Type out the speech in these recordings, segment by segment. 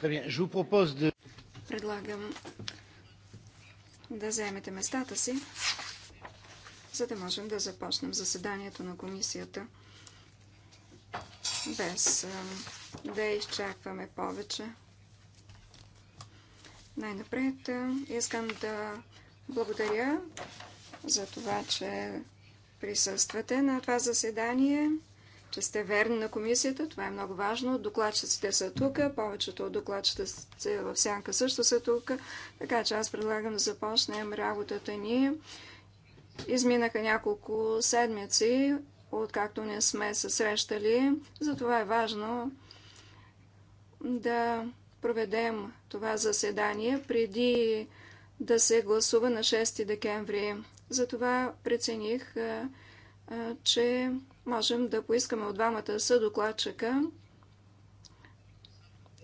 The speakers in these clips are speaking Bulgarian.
Предлагам да вземете местата си, за да можем да започнем заседанието на комисията без да изчакваме повече. Най-напред искам да благодаря за това, че присъствате на това заседание че сте верни на комисията. Това е много важно. Докладчиците са тук, повечето от докладчиците в сянка също са тук. Така че аз предлагам да започнем работата ни. Изминаха няколко седмици, откакто не сме се срещали. Затова е важно да проведем това заседание преди да се гласува на 6 декември. Затова прецених, че можем да поискаме от двамата съдокладчика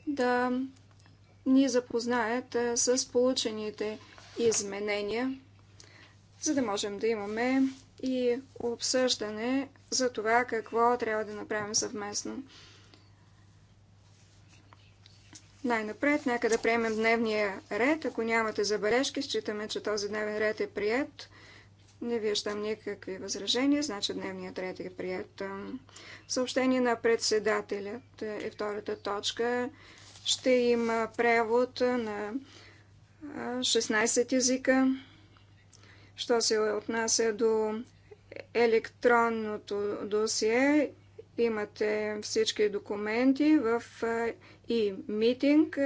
да ни запознаят с получените изменения, за да можем да имаме и обсъждане за това какво трябва да направим съвместно. Най-напред, нека да приемем дневния ред. Ако нямате забележки, считаме, че този дневен ред е прият. Не виждам никакви възражения, значи дневният ред е прият. Съобщение на председателят е втората точка. Ще има превод на 16 езика. Що се отнася до електронното досие, имате всички документи в и митинг.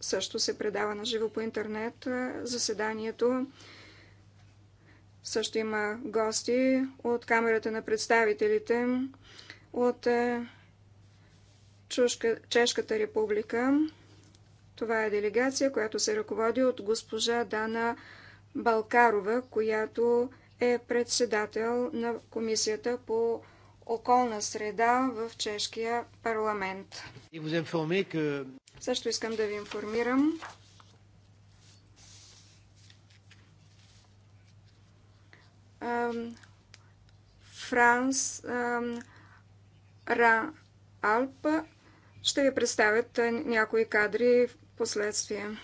Също се предава на живо по интернет заседанието също има гости от Камерата на представителите от е, Чушка, Чешката република. Това е делегация, която се ръководи от госпожа Дана Балкарова, която е председател на Комисията по околна среда в Чешкия парламент. Също искам да ви информирам, Франс Ра Алп ще ви представят някои кадри в последствие.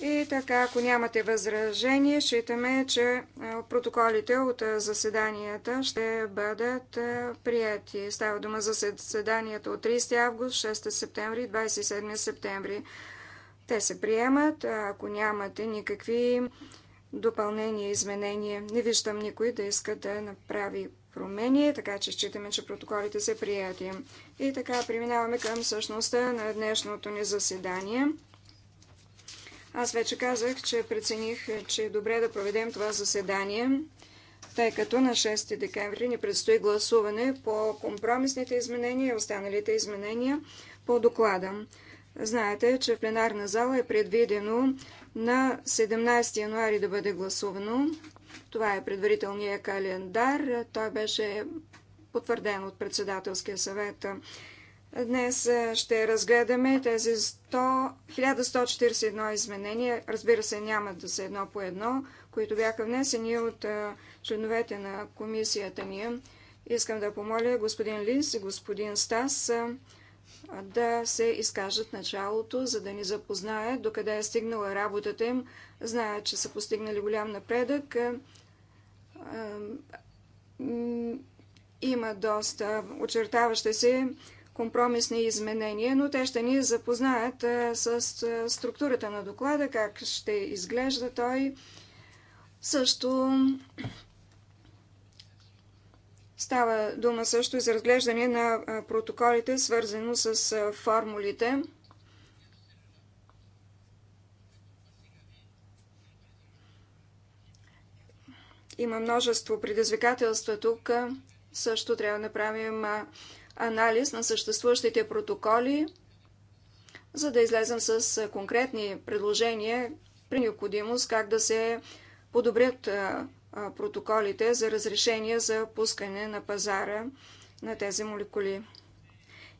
И така, ако нямате възражение, считаме, че протоколите от заседанията ще бъдат прияти. Става дума за заседанията от 30 август, 6 септември и 27 септември. Те се приемат. Ако нямате никакви допълнение, изменение. Не виждам никой да иска да направи промени, така че считаме, че протоколите са прияти. И така преминаваме към същността на днешното ни заседание. Аз вече казах, че прецених, че е добре да проведем това заседание, тъй като на 6 декември ни предстои гласуване по компромисните изменения и останалите изменения по доклада. Знаете, че в пленарна зала е предвидено на 17 януари да бъде гласувано. Това е предварителния календар. Той беше потвърден от председателския съвет. Днес ще разгледаме тези 100, 1141 изменения. Разбира се, няма да са едно по едно, които бяха внесени от членовете на комисията ни. Искам да помоля господин Лис и господин Стас да се изкажат началото, за да ни запознаят докъде е стигнала работата им. Знаят, че са постигнали голям напредък. Е, има доста очертаващи се компромисни изменения, но те ще ни запознаят е, с е, структурата на доклада, как ще изглежда той. Също Става дума също и за разглеждане на протоколите, свързано с формулите. Има множество предизвикателства тук. Също трябва да направим анализ на съществуващите протоколи, за да излезем с конкретни предложения при необходимост как да се подобрят протоколите за разрешение за пускане на пазара на тези молекули.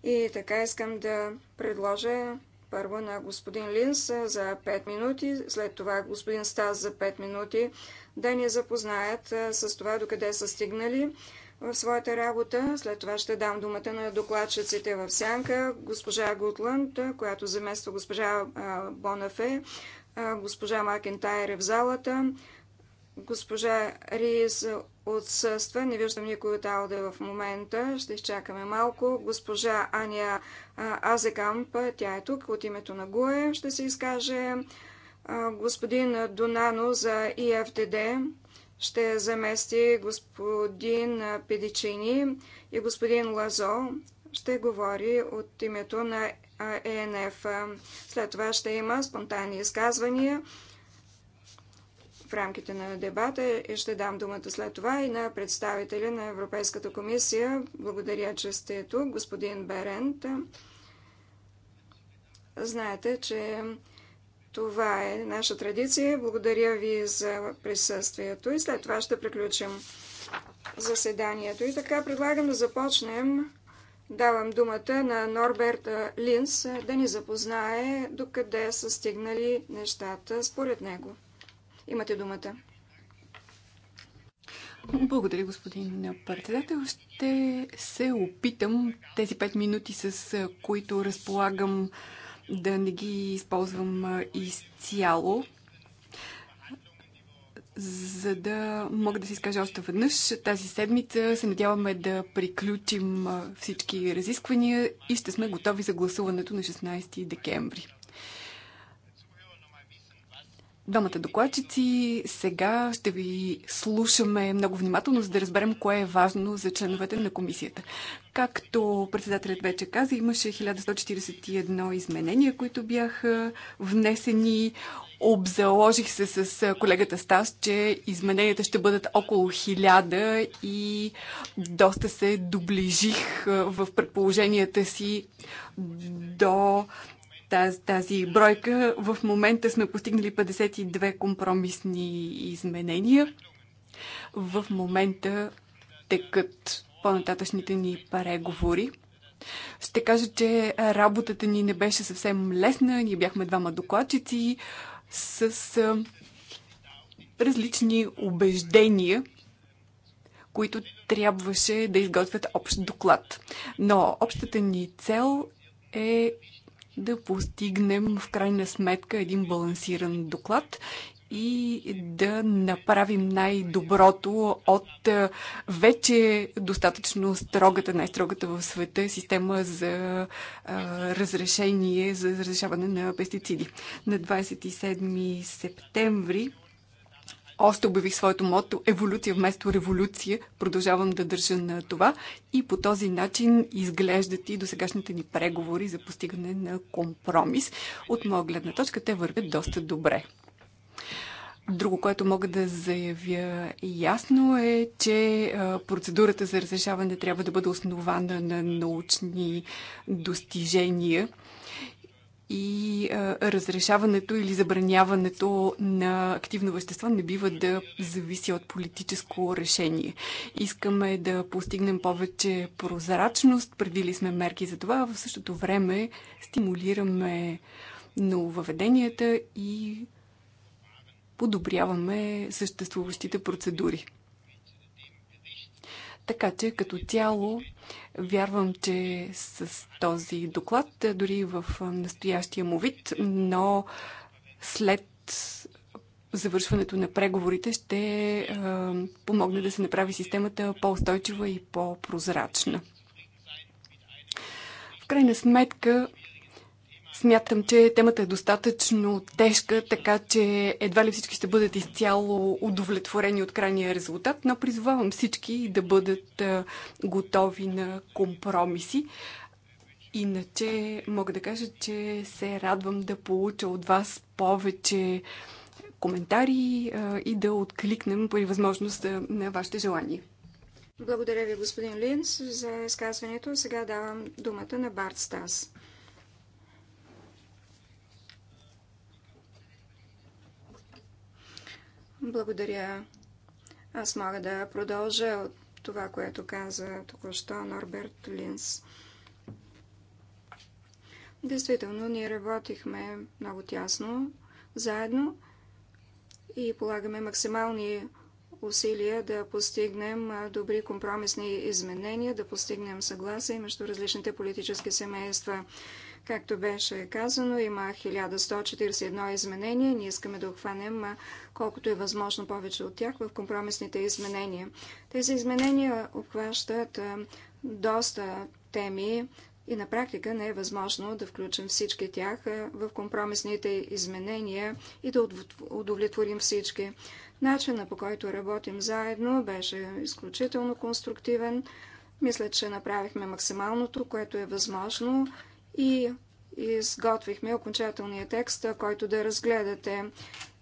И така искам да предложа първо на господин Линс за 5 минути, след това господин Стас за 5 минути, да ни запознаят с това докъде са стигнали в своята работа. След това ще дам думата на докладчиците в сянка, госпожа Гутланд, която замества госпожа Бонафе, госпожа Макентайр е в залата, Госпожа Риз отсъства. Не виждам никой от Ауде в момента. Ще изчакаме малко. Госпожа Аня Азекамп, тя е тук от името на ГУЕ, ще се изкаже. Господин Донано за ИФДД ще замести господин Педичини и господин Лазо ще говори от името на ЕНФ. След това ще има спонтанни изказвания в рамките на дебата и ще дам думата след това и на представителя на Европейската комисия. Благодаря, че сте тук, господин Берент. Знаете, че това е наша традиция. Благодаря ви за присъствието и след това ще приключим заседанието. И така предлагам да започнем. Давам думата на Норберт Линс да ни запознае докъде са стигнали нещата според него. Имате думата. Благодаря, господин председател. Ще се опитам тези пет минути, с които разполагам, да не ги използвам изцяло, за да мога да си изкажа още веднъж. Тази седмица се надяваме да приключим всички разисквания и ще сме готови за гласуването на 16 декември двамата докладчици. Сега ще ви слушаме много внимателно, за да разберем кое е важно за членовете на комисията. Както председателят вече каза, имаше 1141 изменения, които бяха внесени. Обзаложих се с колегата Стас, че измененията ще бъдат около 1000 и доста се доближих в предположенията си до тази, тази бройка. В момента сме постигнали 52 компромисни изменения. В момента текат по-нататъчните ни преговори. Ще кажа, че работата ни не беше съвсем лесна. Ние бяхме двама докладчици с различни убеждения, които трябваше да изготвят общ доклад. Но общата ни цел е да постигнем в крайна сметка един балансиран доклад и да направим най-доброто от вече достатъчно строгата, най-строгата в света система за а, разрешение, за разрешаване на пестициди. На 27 септември още обявих своето мото еволюция вместо революция. Продължавам да държа на това и по този начин изглеждат и досегашните ни преговори за постигане на компромис. От моя гледна точка те вървят доста добре. Друго, което мога да заявя ясно е, че процедурата за разрешаване трябва да бъде основана на научни достижения и а, разрешаването или забраняването на активно вещество не бива да зависи от политическо решение. Искаме да постигнем повече прозрачност, предвили сме мерки за това, а в същото време стимулираме нововъведенията и подобряваме съществуващите процедури. Така че като тяло вярвам, че с този доклад, е, дори в е, настоящия му вид, но след завършването на преговорите ще е, помогне да се направи системата по-устойчива и по-прозрачна. В крайна сметка Смятам, че темата е достатъчно тежка, така че едва ли всички ще бъдат изцяло удовлетворени от крайния резултат, но призовавам всички да бъдат готови на компромиси. Иначе мога да кажа, че се радвам да получа от вас повече коментари и да откликнем при възможност на вашите желания. Благодаря ви, господин Линс, за изказването. Сега давам думата на Барт Стас. Благодаря. Аз мога да продължа от това, което каза току-що Норберт Линс. Действително, ние работихме много тясно, заедно и полагаме максимални усилия да постигнем добри компромисни изменения, да постигнем съгласие между различните политически семейства. Както беше казано, има 1141 изменения. Ние искаме да обхванем колкото е възможно повече от тях в компромисните изменения. Тези изменения обхващат доста теми и на практика не е възможно да включим всички тях в компромисните изменения и да удовлетворим всички. Начина по който работим заедно беше изключително конструктивен. Мисля, че направихме максималното, което е възможно и изготвихме окончателния текст, който да разгледате.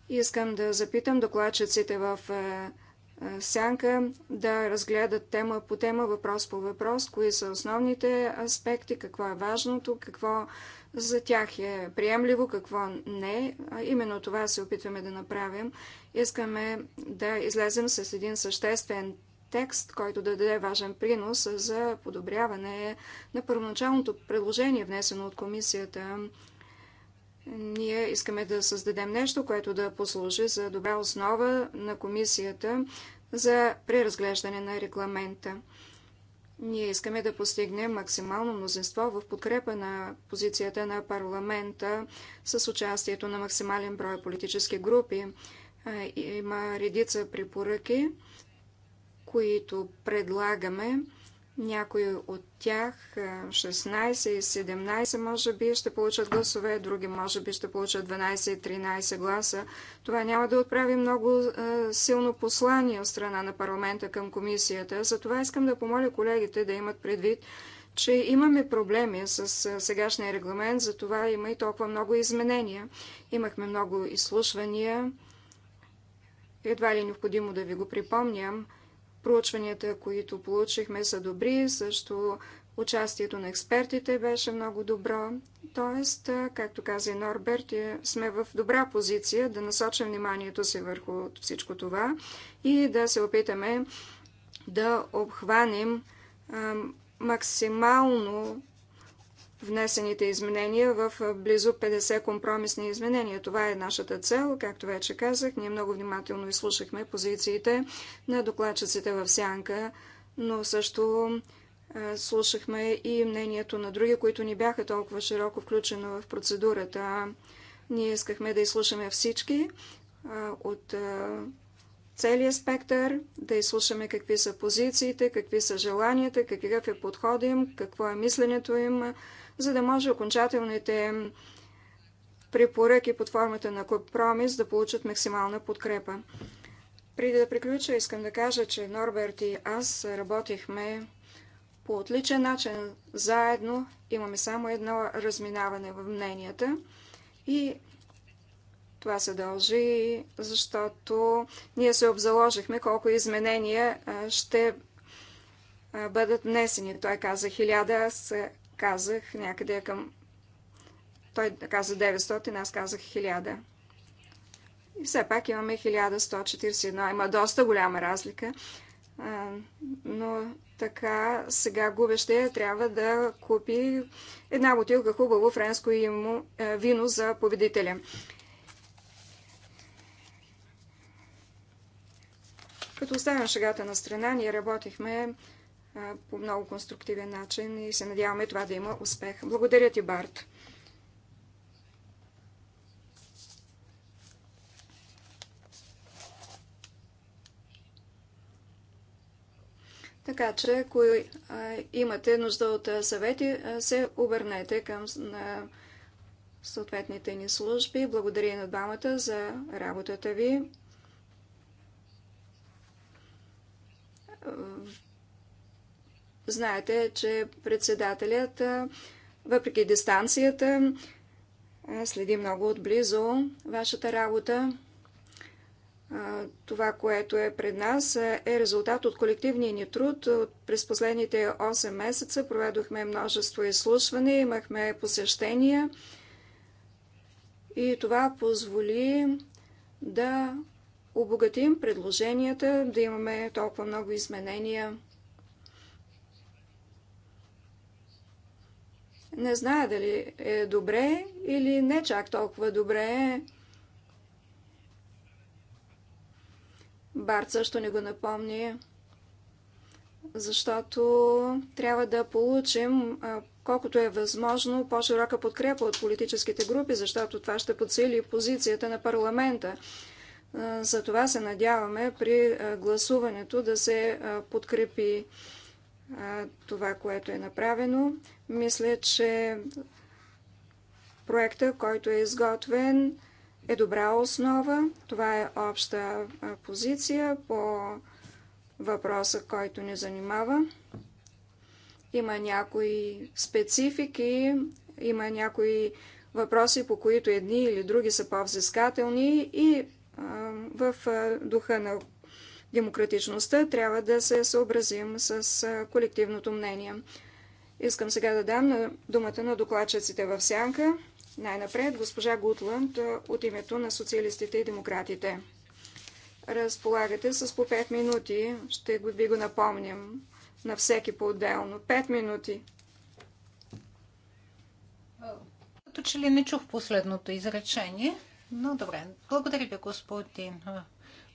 Искам да запитам докладчиците в е, е, сянка да разгледат тема по тема, въпрос по въпрос, кои са основните аспекти, какво е важното, какво за тях е приемливо, какво не. Именно това се опитваме да направим. Искаме да излезем с един съществен текст, който да даде важен принос за подобряване на първоначалното предложение, внесено от комисията. Ние искаме да създадем нещо, което да послужи за добра основа на комисията за преразглеждане на регламента. Ние искаме да постигнем максимално мнозинство в подкрепа на позицията на парламента с участието на максимален брой политически групи. Е, има редица препоръки, които предлагаме. Някои от тях, 16 и 17, може би ще получат гласове, други може би ще получат 12 и 13 гласа. Това няма да отправи много силно послание от страна на парламента към комисията. Затова искам да помоля колегите да имат предвид, че имаме проблеми с сегашния регламент, затова има и толкова много изменения. Имахме много изслушвания. Едва ли е необходимо да ви го припомням. Проучванията, които получихме, са добри, също участието на експертите беше много добро. Тоест, както каза и Норберт, е, сме в добра позиция да насочим вниманието си върху всичко това и да се опитаме да обхванем максимално внесените изменения в близо 50 компромисни изменения. Това е нашата цел. Както вече казах, ние много внимателно изслушахме позициите на докладчиците в Сянка, но също слушахме и мнението на други, които ни бяха толкова широко включени в процедурата. Ние искахме да изслушаме всички от целия спектър, да изслушаме какви са позициите, какви са желанията, какъв е подходим, им, какво е мисленето им, за да може окончателните препоръки под формата на компромис да получат максимална подкрепа. Преди да приключа, искам да кажа, че Норберт и аз работихме по отличен начин заедно. Имаме само едно разминаване в мненията и това се дължи, защото ние се обзаложихме колко изменения ще бъдат внесени. Той каза хиляда, аз казах някъде към... Той каза 900, аз казах 1000. И все пак имаме 1141. Има доста голяма разлика. Но така сега губещия трябва да купи една бутилка хубаво френско е, вино за победителя. Като оставям шагата на страна, ние работихме по много конструктивен начин и се надяваме това да има успех. Благодаря ти, Барт. Така че, ако имате нужда от съвети, се обърнете към съответните ни служби. Благодаря на двамата за работата ви. Знаете, че председателят, въпреки дистанцията, следи много отблизо вашата работа. Това, което е пред нас, е резултат от колективния ни труд. През последните 8 месеца проведохме множество изслушвания, имахме посещения и това позволи да обогатим предложенията, да имаме толкова много изменения. Не зная дали е добре или не чак толкова добре. Барт също не го напомни, защото трябва да получим колкото е възможно по-широка подкрепа от политическите групи, защото това ще подсили позицията на парламента. За това се надяваме при гласуването да се подкрепи това, което е направено. Мисля, че проекта, който е изготвен, е добра основа. Това е обща позиция по въпроса, който ни занимава. Има някои специфики, има някои въпроси, по които едни или други са по-взискателни и в духа на демократичността, трябва да се съобразим с колективното мнение. Искам сега да дам на думата на докладчиците в сянка. Най-напред госпожа Гутланд от името на социалистите и демократите. Разполагате с по 5 минути. Ще ви го напомням на всеки по-отделно. 5 минути. Като че ли не чух последното изречение, но добре. Благодаря ви, господин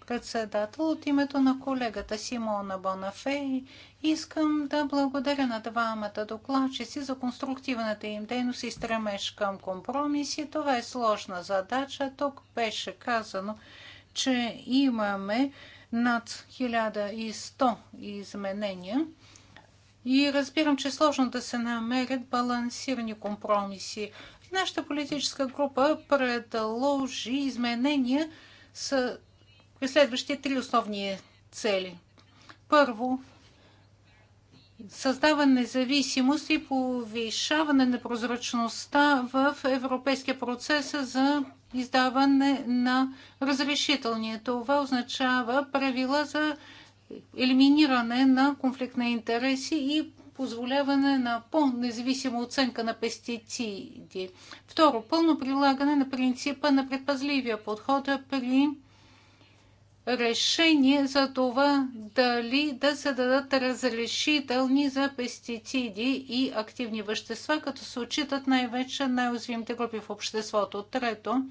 председател. От името на колегата Симона Бонафей искам да благодаря на двамата докладчици за конструктивната им дейност и стремеж към компромиси. Това е сложна задача. Тук беше казано, че имаме над 1100 изменения. И разбирам, че е сложно да се намерят балансирани компромиси. Нашата политическа група предложи изменения с преследващи три основни цели. Първо, създава независимост и повишаване на прозрачността в европейския процес за издаване на разрешителни. Това означава правила за елиминиране на конфликт на интереси и позволяване на по-независима оценка на пестициди. Второ, пълно прилагане на принципа на предпазливия подход при решение за това дали да се дадат разрешителни за пестициди и активни вещества, като се отчитат най-вече най-уязвимите групи в обществото. Трето,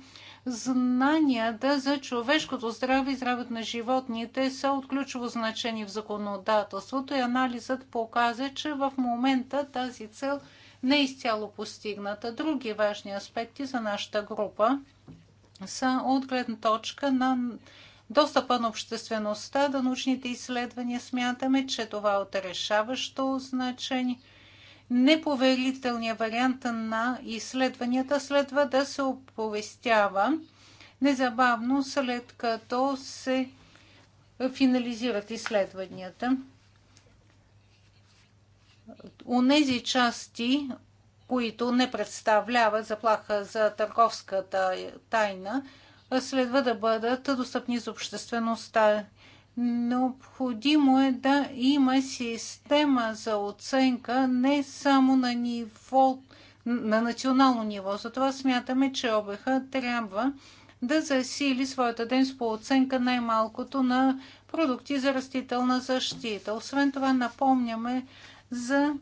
знанията за човешкото здраве и здравето на животните са от ключово значение в законодателството и анализът показа, че в момента тази цел не е изцяло постигната. Други важни аспекти за нашата група са от гледна точка на достъпа на обществеността до научните изследвания. Смятаме, че това е от решаващо значение. Неповерителният вариант на изследванията следва да се оповестява незабавно след като се финализират изследванията. нези части, които не представляват заплаха за търговската тайна, следва да бъдат достъпни за обществеността. Необходимо е да има система за оценка не само на ниво, на национално ниво. Затова смятаме, че ОБХ трябва да засили своята ден по оценка най-малкото на продукти за растителна защита. Освен това напомняме за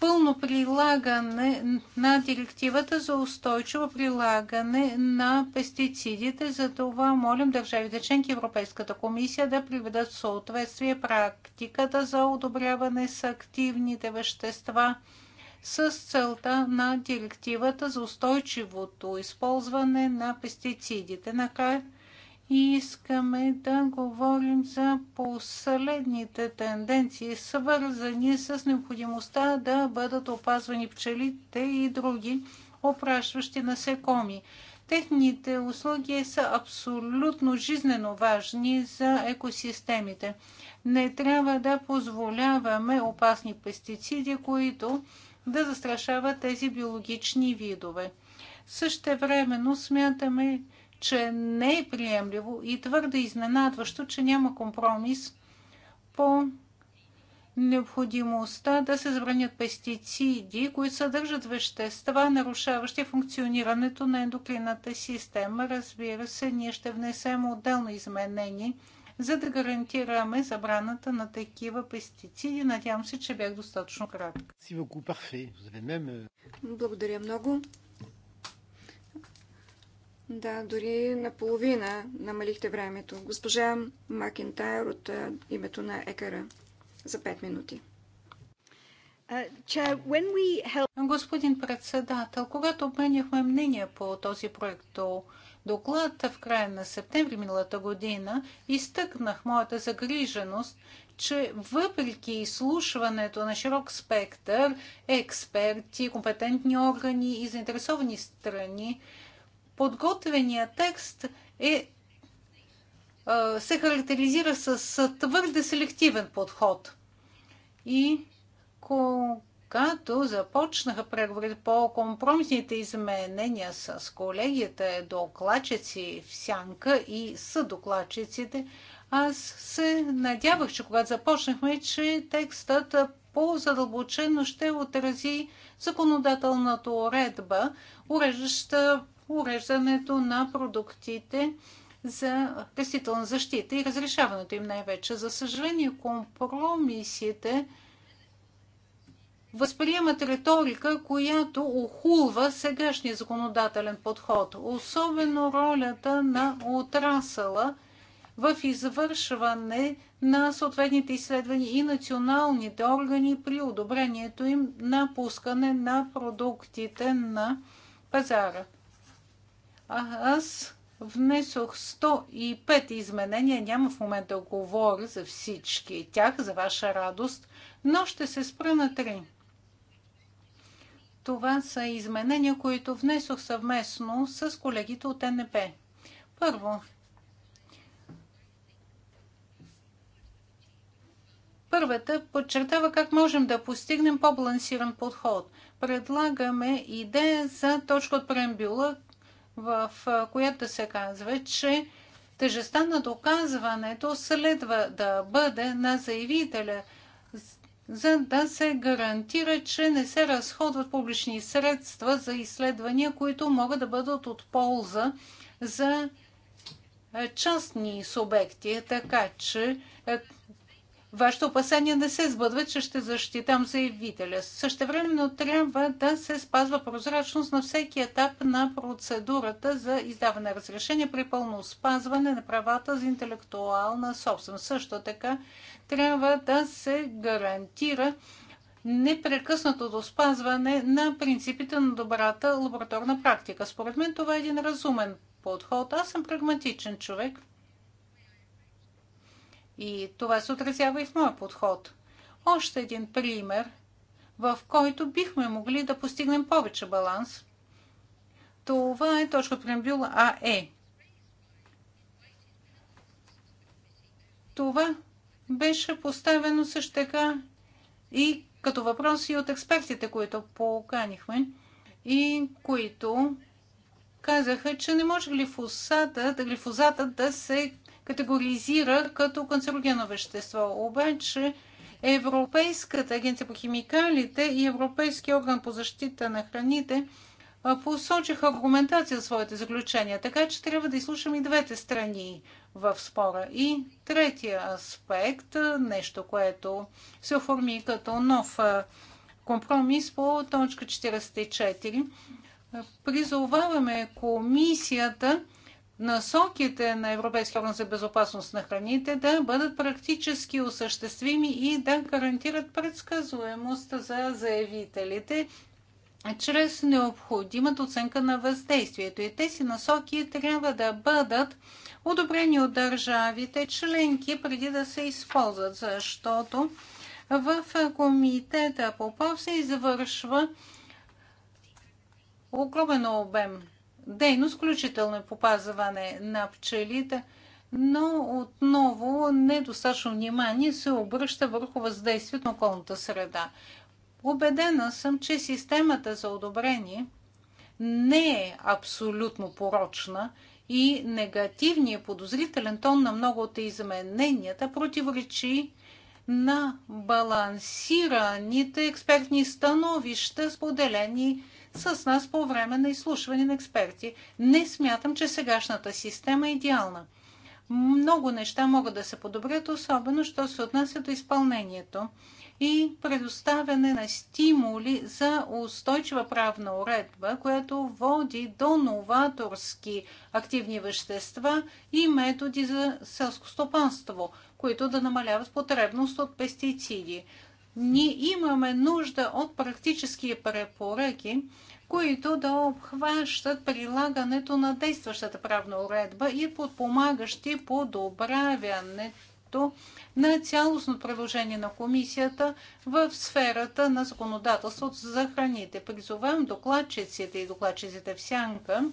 пълно прилагане на директивата за устойчиво прилагане на пестицидите. За това молим държавите членки Европейската комисия да приведат в съответствие практиката за одобряване с активните вещества с целта на директивата за устойчивото използване на пестицидите. Накрая и искаме да говорим за последните тенденции, свързани с необходимостта да бъдат опазвани пчелите и други опрашващи насекоми. Техните услуги са абсолютно жизнено важни за екосистемите. Не трябва да позволяваме опасни пестициди, които да застрашават тези биологични видове. времено смятаме, че не е приемливо и твърде изненадващо, че няма компромис по необходимостта да се забранят пестициди, които съдържат вещества, нарушаващи функционирането на ендокринната система. Разбира се, ние ще внесем отделно изменение, за да гарантираме забраната на такива пестициди. Надявам се, че бях достатъчно кратка. Euh, Благодаря много. Да, дори наполовина намалихте времето. Госпожа Макентайр от името на ЕКАРА за 5 минути. Господин председател, когато обменяхме мнение по този проект доклад в края на септември миналата година, изтъкнах моята загриженост, че въпреки изслушването на широк спектър експерти, компетентни органи и заинтересовани страни, подготвения текст е, се характеризира с твърде селективен подход. И когато започнаха преговори по компромисните изменения с колегите, докладчици в сянка и докладчиците, аз се надявах, че когато започнахме, че текстът по-задълбочено ще отрази законодателната уредба, уреждаща уреждането на продуктите за растителна защита и разрешаването им най-вече. За съжаление, компромисите възприемат риторика, която охулва сегашния законодателен подход, особено ролята на отрасъла в извършване на съответните изследвания и националните органи при одобрението им на пускане на продуктите на пазара. А, аз внесох 105 изменения. Няма в момента да говоря за всички тях, за ваша радост, но ще се спра на три. Това са изменения, които внесох съвместно с колегите от НП. Първо, Първата подчертава как можем да постигнем по-балансиран подход. Предлагаме идея за точка от преамбюла, в която се казва, че тежестта на доказването следва да бъде на заявителя, за да се гарантира, че не се разходват публични средства за изследвания, които могат да бъдат от полза за частни субекти. Така че Вашето опасения не се сбъдва, че ще защитам заявителя. Същевременно трябва да се спазва прозрачност на всеки етап на процедурата за издаване на разрешение при пълно спазване на правата за интелектуална собственост. Също така трябва да се гарантира непрекъснатото спазване на принципите на добрата лабораторна практика. Според мен това е един разумен подход. Аз съм прагматичен човек – и това се отразява и в моя подход. Още един пример, в който бихме могли да постигнем повече баланс. Това е точка преамбюл АЕ. Това беше поставено също така и като въпрос и от експертите, които поканихме и които казаха, че не може глифосата, глифозата да се категоризира като канцерогенно вещество. Обаче Европейската агенция по химикалите и Европейския орган по защита на храните посочиха аргументация в своите заключения, така че трябва да изслушаме и двете страни в спора. И третия аспект, нещо, което се оформи като нов компромис по точка 44, призоваваме комисията насоките на Европейския орган за безопасност на храните да бъдат практически осъществими и да гарантират предсказуемост за заявителите чрез необходимата оценка на въздействието. И тези насоки трябва да бъдат одобрени от държавите членки преди да се използват, защото в комитета Попов се извършва огромен обем дейност, включително и попазване на пчелите, но отново недостатъчно внимание се обръща върху въздействието на околната среда. Обедена съм, че системата за одобрение не е абсолютно порочна и негативният подозрителен тон на много от измененията противоречи на балансираните експертни становища, споделени с нас по време на изслушване на експерти. Не смятам, че сегашната система е идеална. Много неща могат да се подобрят, особено що се отнася до изпълнението и предоставяне на стимули за устойчива правна уредба, която води до новаторски активни вещества и методи за селско стопанство, които да намаляват потребност от пестициди. Ние имаме нужда от практически препоръки, които да обхващат прилагането на действащата правна уредба и подпомагащи подобравянето на цялостно предложение на комисията в сферата на законодателството за храните. Призовавам докладчиците и докладчиците в сянка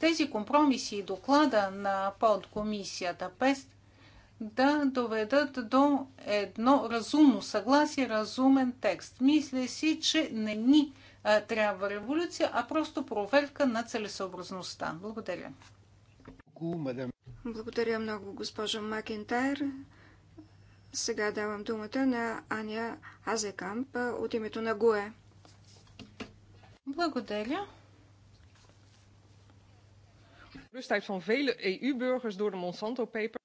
тези компромиси и доклада на подкомисията ПЕСТ да доведат до едно разумно съгласие, разумен текст. Мисля си, че не ни а, трябва революция, а просто проверка на целесообразността. Благодаря. Благодаря много, госпожа Макентайр. Сега давам думата на Аня Азекамп от името на ГУЕ. Благодаря. Rustigheid van vele EU-burgers door de Monsanto-paper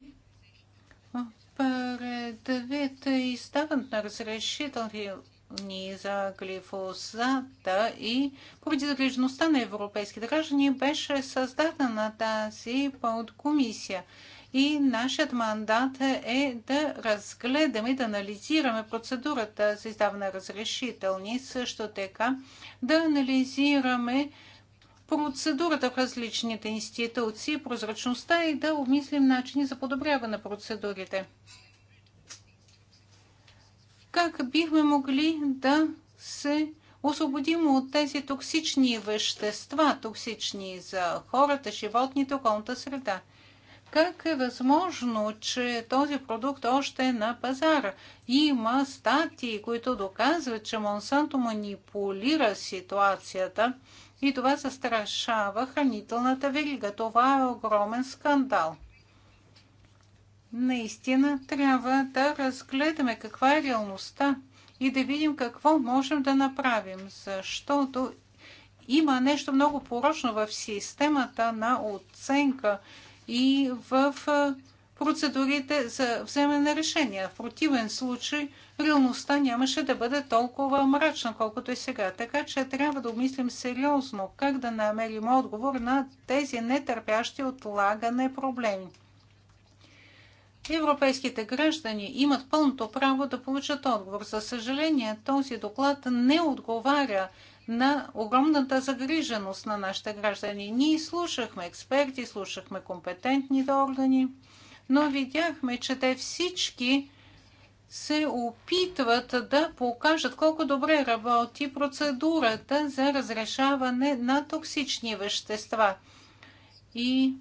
предвид издаването на разрешителни за глифосата и поради загрижеността на европейските граждани беше създадена тази подкомисия. И нашият мандат е да разгледаме, да анализираме процедурата за издаване на разрешителни, също така да анализираме процедурата в различните институции, прозрачността и е да обмислим начини за подобряване на процедурите. Как бихме могли да се освободим от тези токсични вещества, токсични за хората, животните, околната среда? Как е възможно, че този продукт още е на пазара? Има статии, които доказват, че Монсанто манипулира ситуацията и това застрашава хранителната верига. Това е огромен скандал. Наистина трябва да разгледаме каква е реалността и да видим какво можем да направим, защото има нещо много порочно в системата на оценка и в процедурите за вземане на решения. В противен случай реалността нямаше да бъде толкова мрачна, колкото е сега. Така че трябва да обмислим сериозно как да намерим отговор на тези нетърпящи отлагане проблеми. Европейските граждани имат пълното право да получат отговор. За съжаление, този доклад не отговаря на огромната загриженост на нашите граждани. Ние слушахме експерти, слушахме компетентните органи но видяхме, че те всички се опитват да покажат колко добре работи процедурата за разрешаване на токсични вещества. И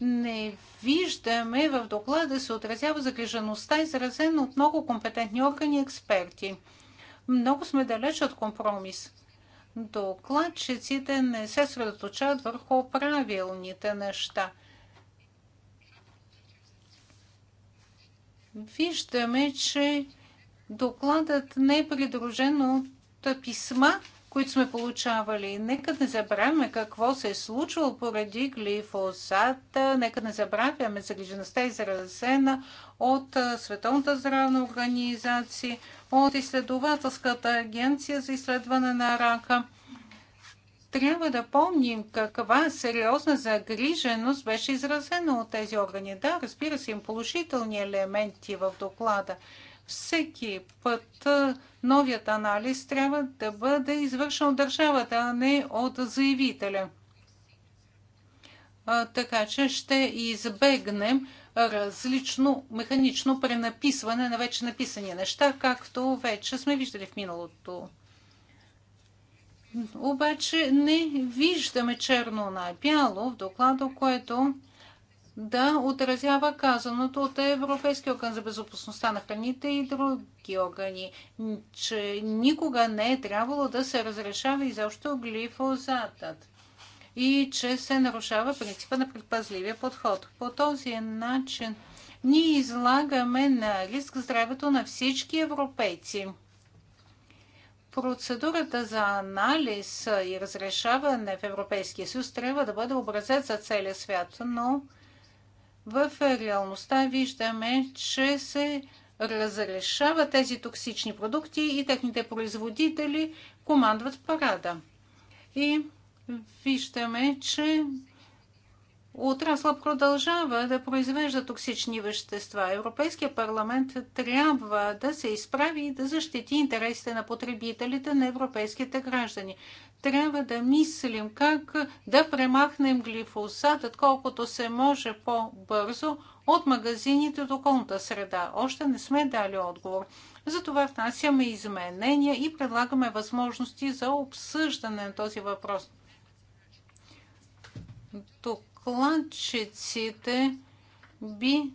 не виждаме в доклада се отразява загрижеността, изразена от много компетентни органи и експерти. Много сме далеч от компромис. Докладчиците не се средоточават върху правилните неща – виждаме, че докладът не е придружен от писма, които сме получавали. Нека не забравяме какво се е случвало поради глифосата. Нека не забравяме загрижеността изразена от Световната здравна организация, от изследователската агенция за изследване на рака трябва да помним каква сериозна загриженост беше изразена от тези органи. Да, разбира се, им положителни елементи в доклада. Всеки път новият анализ трябва да бъде извършен от държавата, а не от заявителя. Така че ще избегнем различно механично пренаписване на вече написани неща, както вече сме виждали в миналото обаче не виждаме черно на бяло в доклада, което да отразява казаното от Европейския орган за безопасността на храните и други органи, че никога не е трябвало да се разрешава изобщо глифозатът и че се нарушава принципа на предпазливия подход. По този начин ние излагаме на риск здравето на всички европейци. Процедурата за анализ и разрешаване в Европейския съюз трябва да бъде образец за целия свят, но в реалността виждаме, че се разрешава тези токсични продукти и техните производители командват парада. И виждаме, че отрасла продължава да произвежда токсични вещества. Европейския парламент трябва да се изправи и да защити интересите на потребителите на европейските граждани. Трябва да мислим как да премахнем глифосатът колкото се може по-бързо от магазините до околната среда. Още не сме дали отговор. Затова внасяме изменения и предлагаме възможности за обсъждане на този въпрос. Тук докладчиците би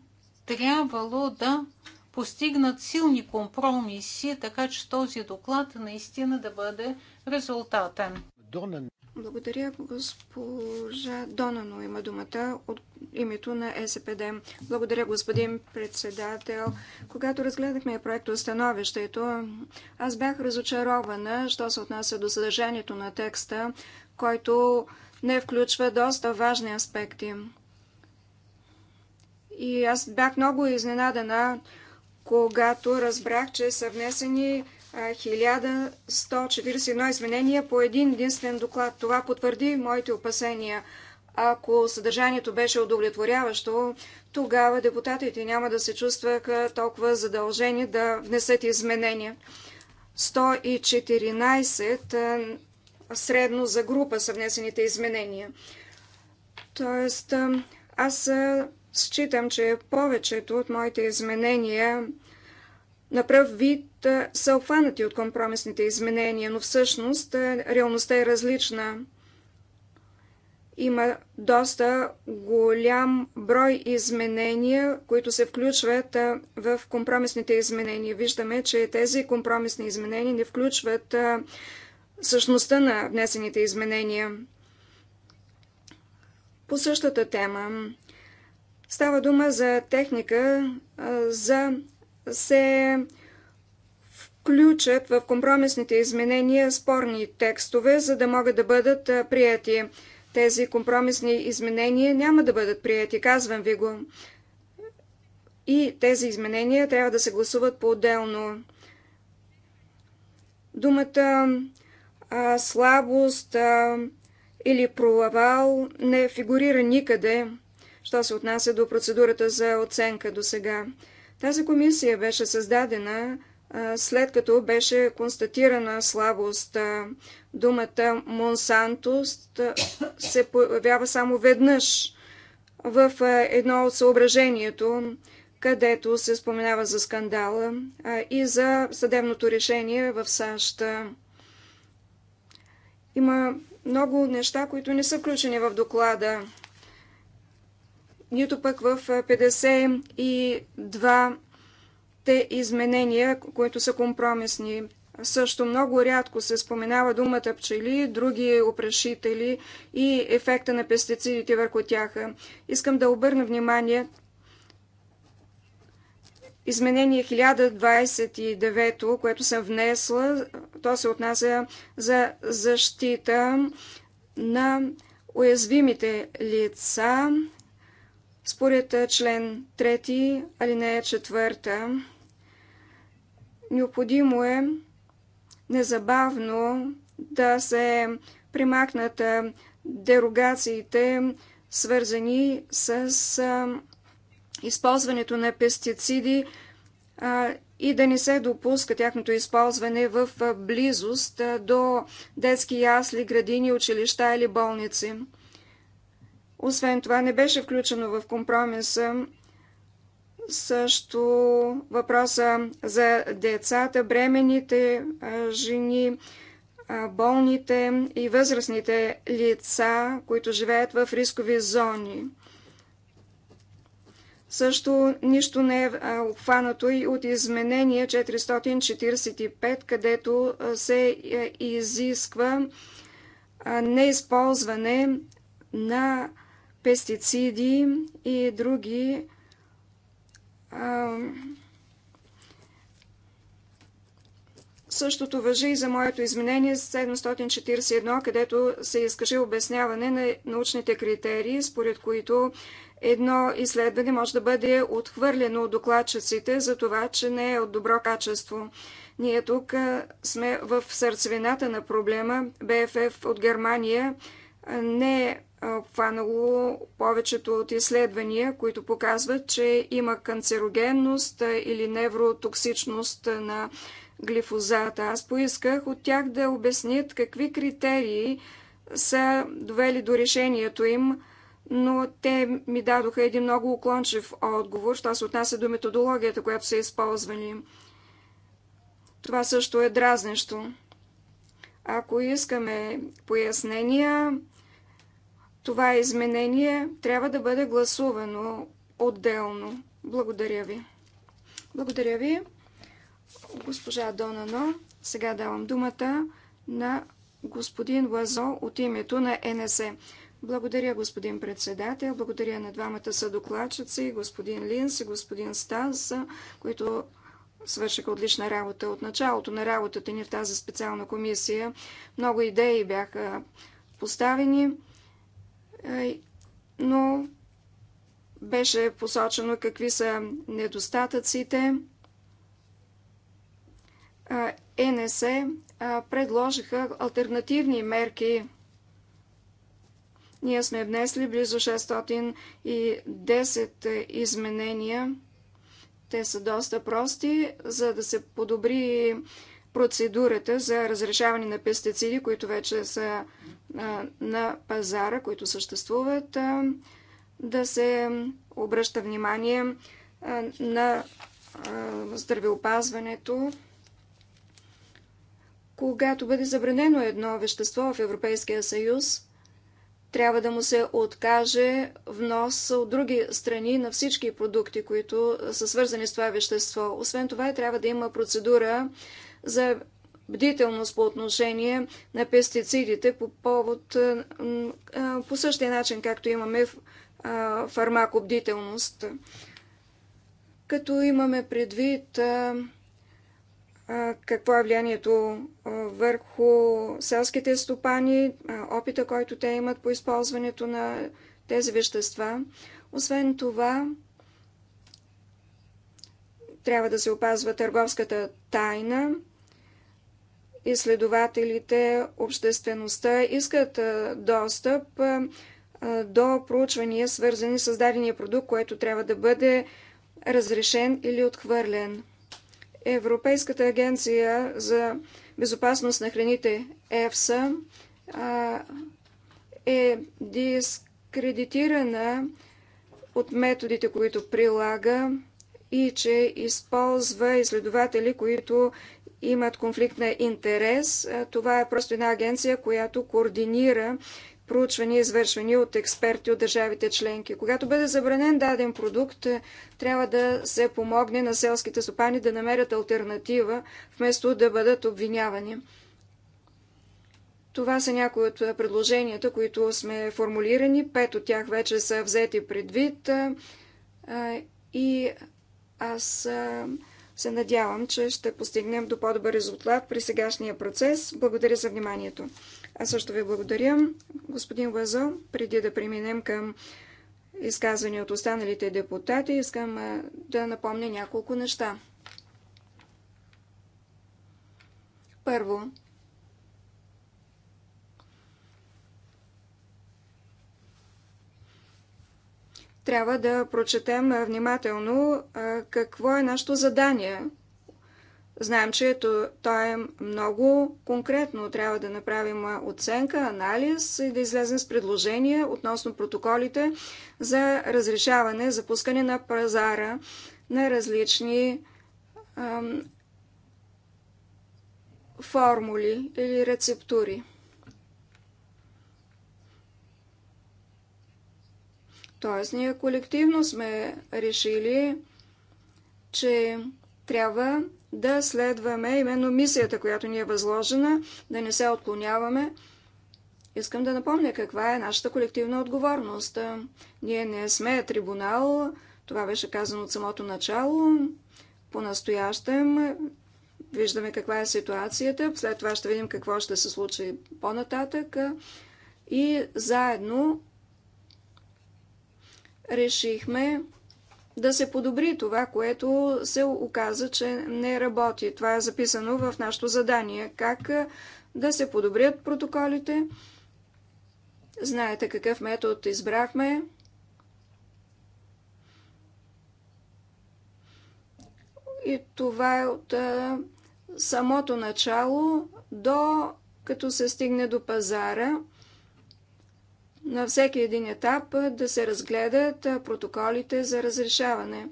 трябвало да постигнат силни компромиси, така че този доклад наистина да бъде резултатен. Благодаря, госпожа Донано има думата от името на СПД. Благодаря, господин председател. Когато разгледахме проекто становището, аз бях разочарована, що се отнася до съдържанието на текста, който не включва доста важни аспекти. И аз бях много изненадана, когато разбрах, че са внесени 1141 изменения по един единствен доклад. Това потвърди моите опасения. Ако съдържанието беше удовлетворяващо, тогава депутатите няма да се чувстваха толкова задължени да внесат изменения. 114 средно за група са внесените изменения. Тоест, аз считам, че повечето от моите изменения на пръв вид са обхванати от компромисните изменения, но всъщност реалността е различна. Има доста голям брой изменения, които се включват в компромисните изменения. Виждаме, че тези компромисни изменения не включват същността на внесените изменения. По същата тема става дума за техника за се включат в компромисните изменения спорни текстове, за да могат да бъдат прияти. Тези компромисни изменения няма да бъдат прияти, казвам ви го. И тези изменения трябва да се гласуват по-отделно. Думата а, слабост а, или провал не фигурира никъде, що се отнася до процедурата за оценка до сега. Тази комисия беше създадена а, след като беше констатирана слабост. А, думата Монсанто се появява само веднъж в едно от съображението, където се споменава за скандала и за съдебното решение в САЩ. Има много неща, които не са включени в доклада, нито пък в 52 те изменения, които са компромисни. Също много рядко се споменава думата пчели, други опрешители и ефекта на пестицидите върху тях. Искам да обърна внимание, изменение 1029, което съм внесла, то се отнася за защита на уязвимите лица според член 3, алинея 4. Необходимо е незабавно да се примахнат дерогациите, свързани с използването на пестициди и да не се допуска тяхното използване в близост до детски ясли, градини, училища или болници. Освен това, не беше включено в компромиса също въпроса за децата, бременните жени, болните и възрастните лица, които живеят в рискови зони. Също нищо не е обхванато и от изменение 445, където се е, изисква неизползване на пестициди и други Същото въжи и за моето изменение с 741, където се изкажи обясняване на научните критерии, според които едно изследване може да бъде отхвърлено от докладчиците за това, че не е от добро качество. Ние тук сме в сърцевината на проблема. БФФ от Германия не е обхванало повечето от изследвания, които показват, че има канцерогенност или невротоксичност на глифозата. Аз поисках от тях да обяснят какви критерии са довели до решението им но те ми дадоха един много уклончив отговор, що се отнася до методологията, която са използвани. Това също е дразнещо. Ако искаме пояснения, това изменение трябва да бъде гласувано отделно. Благодаря ви. Благодаря ви, госпожа Донано. Сега давам думата на господин Лазо от името на НСЕ. Благодаря, господин председател. Благодаря на двамата съдокладчици, господин Линс и господин Стас, които свършиха отлична работа. От началото на работата ни в тази специална комисия много идеи бяха поставени, но беше посочено какви са недостатъците. ЕНС предложиха альтернативни мерки ние сме внесли близо 610 изменения. Те са доста прости, за да се подобри процедурата за разрешаване на пестициди, които вече са на пазара, които съществуват, да се обръща внимание на здравеопазването. Когато бъде забранено едно вещество в Европейския съюз, трябва да му се откаже внос от други страни на всички продукти, които са свързани с това вещество. Освен това, трябва да има процедура за бдителност по отношение на пестицидите по повод по същия начин, както имаме фармакобдителност. Като имаме предвид какво е влиянието върху селските стопани, опита, който те имат по използването на тези вещества. Освен това, трябва да се опазва търговската тайна. Изследователите, обществеността искат достъп до проучвания, свързани с дадения продукт, което трябва да бъде разрешен или отхвърлен. Европейската агенция за безопасност на храните ЕФСА е дискредитирана от методите, които прилага и че използва изследователи, които имат конфликт на интерес. Това е просто една агенция, която координира проучвания, извършвани от експерти от държавите членки. Когато бъде забранен даден продукт, трябва да се помогне на селските стопани да намерят альтернатива, вместо да бъдат обвинявани. Това са някои от предложенията, които сме формулирани. Пет от тях вече са взети предвид и аз се надявам, че ще постигнем до по-добър резултат при сегашния процес. Благодаря за вниманието. Аз също ви благодаря, господин Вазо. Преди да преминем към изказвания от останалите депутати, искам да напомня няколко неща. Първо, трябва да прочетем внимателно какво е нашето задание Знаем, че ето, то е много конкретно. Трябва да направим оценка, анализ и да излезем с предложения относно протоколите за разрешаване, запускане на пазара на различни ам, формули или рецептури. Тоест, ние колективно сме решили, че трябва да следваме именно мисията, която ни е възложена, да не се отклоняваме. Искам да напомня каква е нашата колективна отговорност. Ние не сме трибунал, това беше казано от самото начало. По-настоящем виждаме каква е ситуацията, след това ще видим какво ще се случи по-нататък и заедно решихме да се подобри това, което се оказа, че не работи. Това е записано в нашето задание. Как да се подобрят протоколите. Знаете какъв метод избрахме. И това е от самото начало до като се стигне до пазара – на всеки един етап да се разгледат протоколите за разрешаване.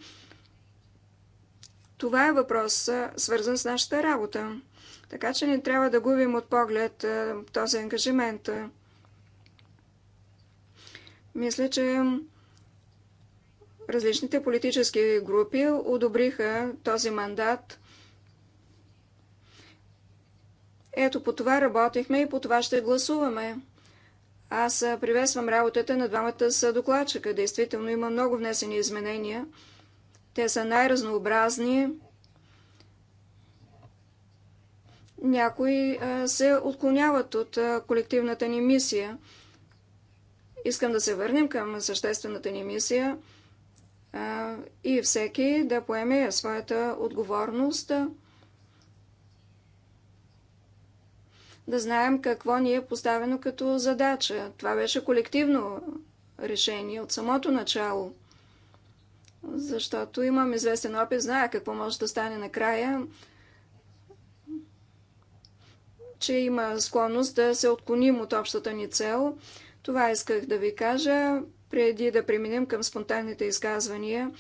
Това е въпрос, свързан с нашата работа. Така че не трябва да губим от поглед този ангажимент. Мисля, че различните политически групи одобриха този мандат. Ето по това работихме и по това ще гласуваме. Аз приветствам работата на двамата с докладчика. Действително има много внесени изменения. Те са най-разнообразни. Някои се отклоняват от колективната ни мисия. Искам да се върнем към съществената ни мисия и всеки да поеме своята отговорност. да знаем какво ни е поставено като задача. Това беше колективно решение от самото начало. Защото имам известен опит, зная какво може да стане накрая, че има склонност да се отклоним от общата ни цел. Това исках да ви кажа, преди да преминем към спонтанните изказвания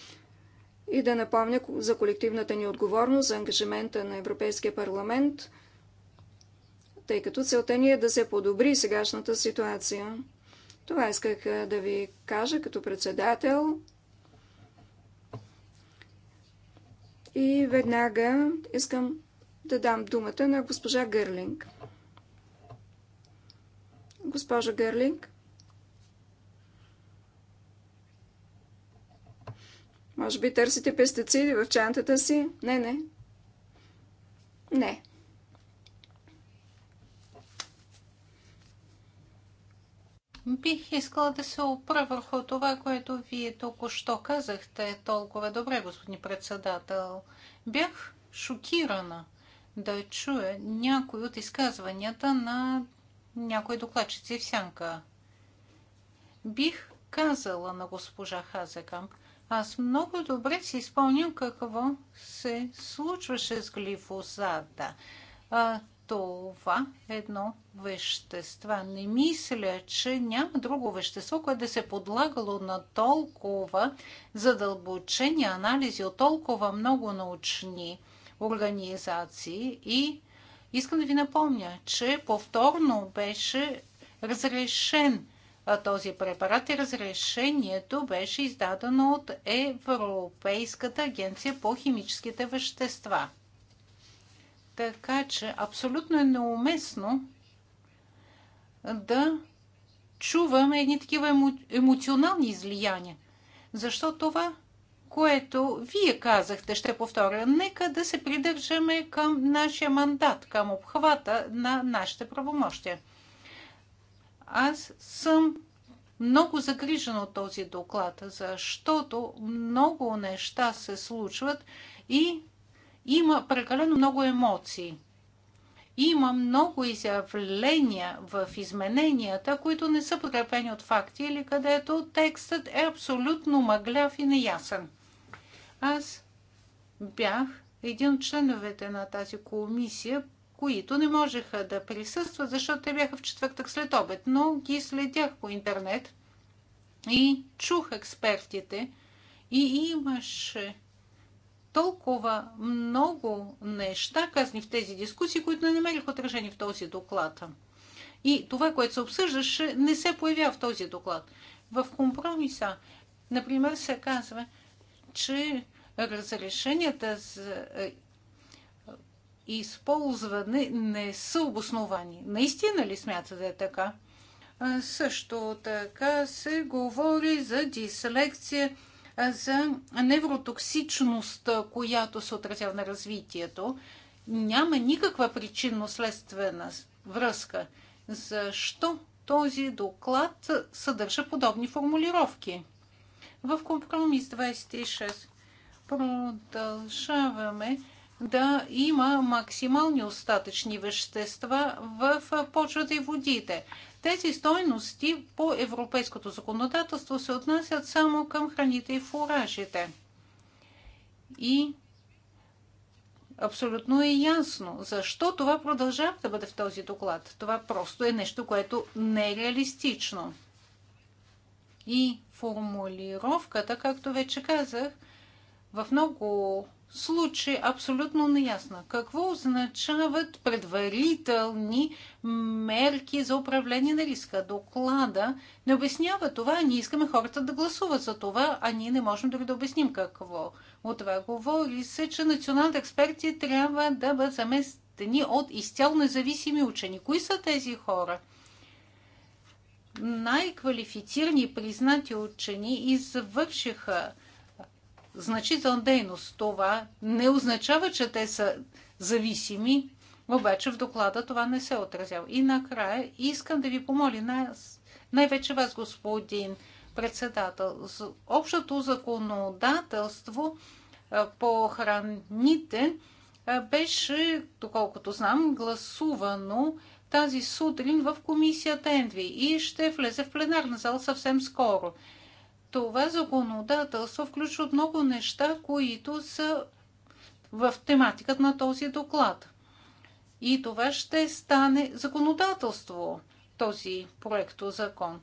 и да напомня за колективната ни отговорност, за ангажимента на Европейския парламент – тъй като целта ни е да се подобри сегашната ситуация. Това исках да ви кажа като председател. И веднага искам да дам думата на госпожа Гърлинг. Госпожа Гърлинг, може би търсите пестициди в чантата си? Не, не. Не. Бих искала да се опра върху това, което вие току-що казахте толкова добре, господин председател. Бях шокирана да чуя някои от изказванията на някои докладчици в сянка. Бих казала на госпожа Хазекамп, аз много добре си изпълням какво се случваше с глифозата това едно вещество. Не мисля, че няма друго вещество, което да се подлагало на толкова задълбочени анализи от толкова много научни организации и искам да ви напомня, че повторно беше разрешен този препарат и разрешението беше издадено от Европейската агенция по химическите вещества. Така че абсолютно е неуместно да чуваме едни такива емо... емоционални излияния. Защо това, което вие казахте, ще повторя, нека да се придържаме към нашия мандат, към обхвата на нашите правомощия. Аз съм много загрижен от този доклад, защото много неща се случват и има прекалено много емоции. Има много изявления в измененията, които не са подкрепени от факти или където текстът е абсолютно мъгляв и неясен. Аз бях един от членовете на тази комисия, които не можеха да присъстват, защото те бяха в четвъртък след обед, но ги следях по интернет и чух експертите и имаше толкова много неща, казани в тези дискусии, които не намериха отражение в този доклад. И това, което се обсъждаше, не се появява в този доклад. В компромиса, например, се казва, че разрешенията за е, използване не са обосновани. Наистина ли смятате да е така? Също така се говори за дислекция за невротоксичност, която се отразява на развитието. Няма никаква причинно-следствена връзка. Защо този доклад съдържа подобни формулировки? В компромис 26 продължаваме да има максимални остатъчни вещества в почвата и водите. Тези стойности по европейското законодателство се отнасят само към храните и фуражите. И абсолютно е ясно защо това продължава да бъде в този доклад. Това просто е нещо, което не е реалистично. И формулировката, както вече казах, в много случай абсолютно неясна. Какво означават предварителни мерки за управление на риска? Доклада не обяснява това. Ние искаме хората да гласуват за това, а ние не можем дори да обясним какво от това. Говори се, че националните експерти трябва да бъдат заместени от изцяло независими учени. Кои са тези хора? Най-квалифицирани признати учени извършиха значителна дейност. Това не означава, че те са зависими, обаче в доклада това не се отразява. И накрая искам да ви помоля, най- най-вече вас, господин председател, с общото законодателство по храните беше, доколкото знам, гласувано тази сутрин в комисията Енви и ще влезе в пленарна зала съвсем скоро това законодателство включва много неща, които са в тематиката на този доклад. И това ще стане законодателство, този проекто закон.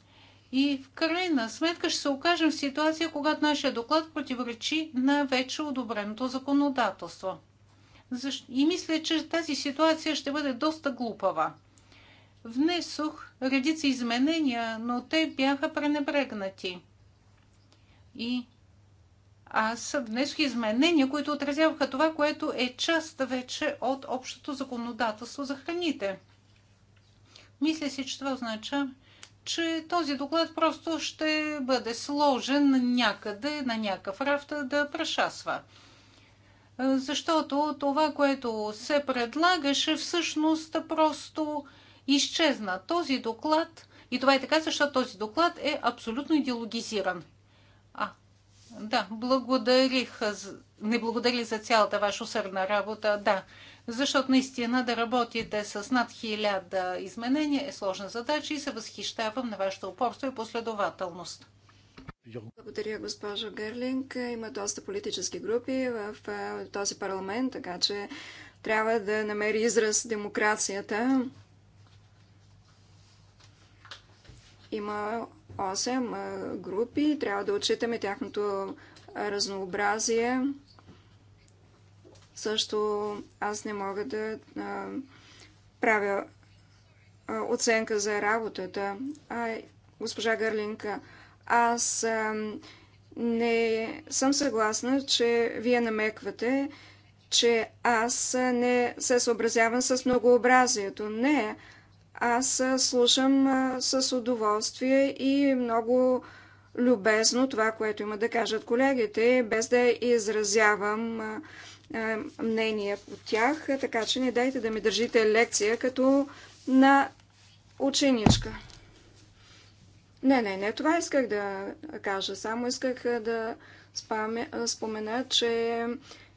И в крайна сметка ще се окажем в ситуация, когато нашия доклад противоречи на вече одобреното законодателство. И мисля, че тази ситуация ще бъде доста глупава. Внесох редица изменения, но те бяха пренебрегнати. И аз внесох изменения, които отразяваха това, което е част вече от общото законодателство за храните. Мисля си, че това означава, че този доклад просто ще бъде сложен някъде на някакъв рафта да прашасва. Защото това, което се предлагаше, всъщност просто изчезна. Този доклад, и това е така, защото този доклад е абсолютно идеологизиран. Да, благодарих. Не благодаря за цялата ваша усърдна работа. Да, защото наистина да работите с над хиляда изменения е сложна задача и се възхищавам на вашето упорство и последователност. Благодаря, госпожо Герлинг. Има доста политически групи в този парламент, така че трябва да намери израз демокрацията. Има 8 групи. Трябва да отчитаме тяхното разнообразие. Също аз не мога да правя оценка за работата. Ай, госпожа Гърлинка, аз не съм съгласна, че вие намеквате, че аз не се съобразявам с многообразието. Не, аз слушам с удоволствие и много любезно това, което има да кажат колегите, без да изразявам мнение по тях, така че не дайте да ми държите лекция като на ученичка. Не, не, не, това исках да кажа. Само исках да спомена, че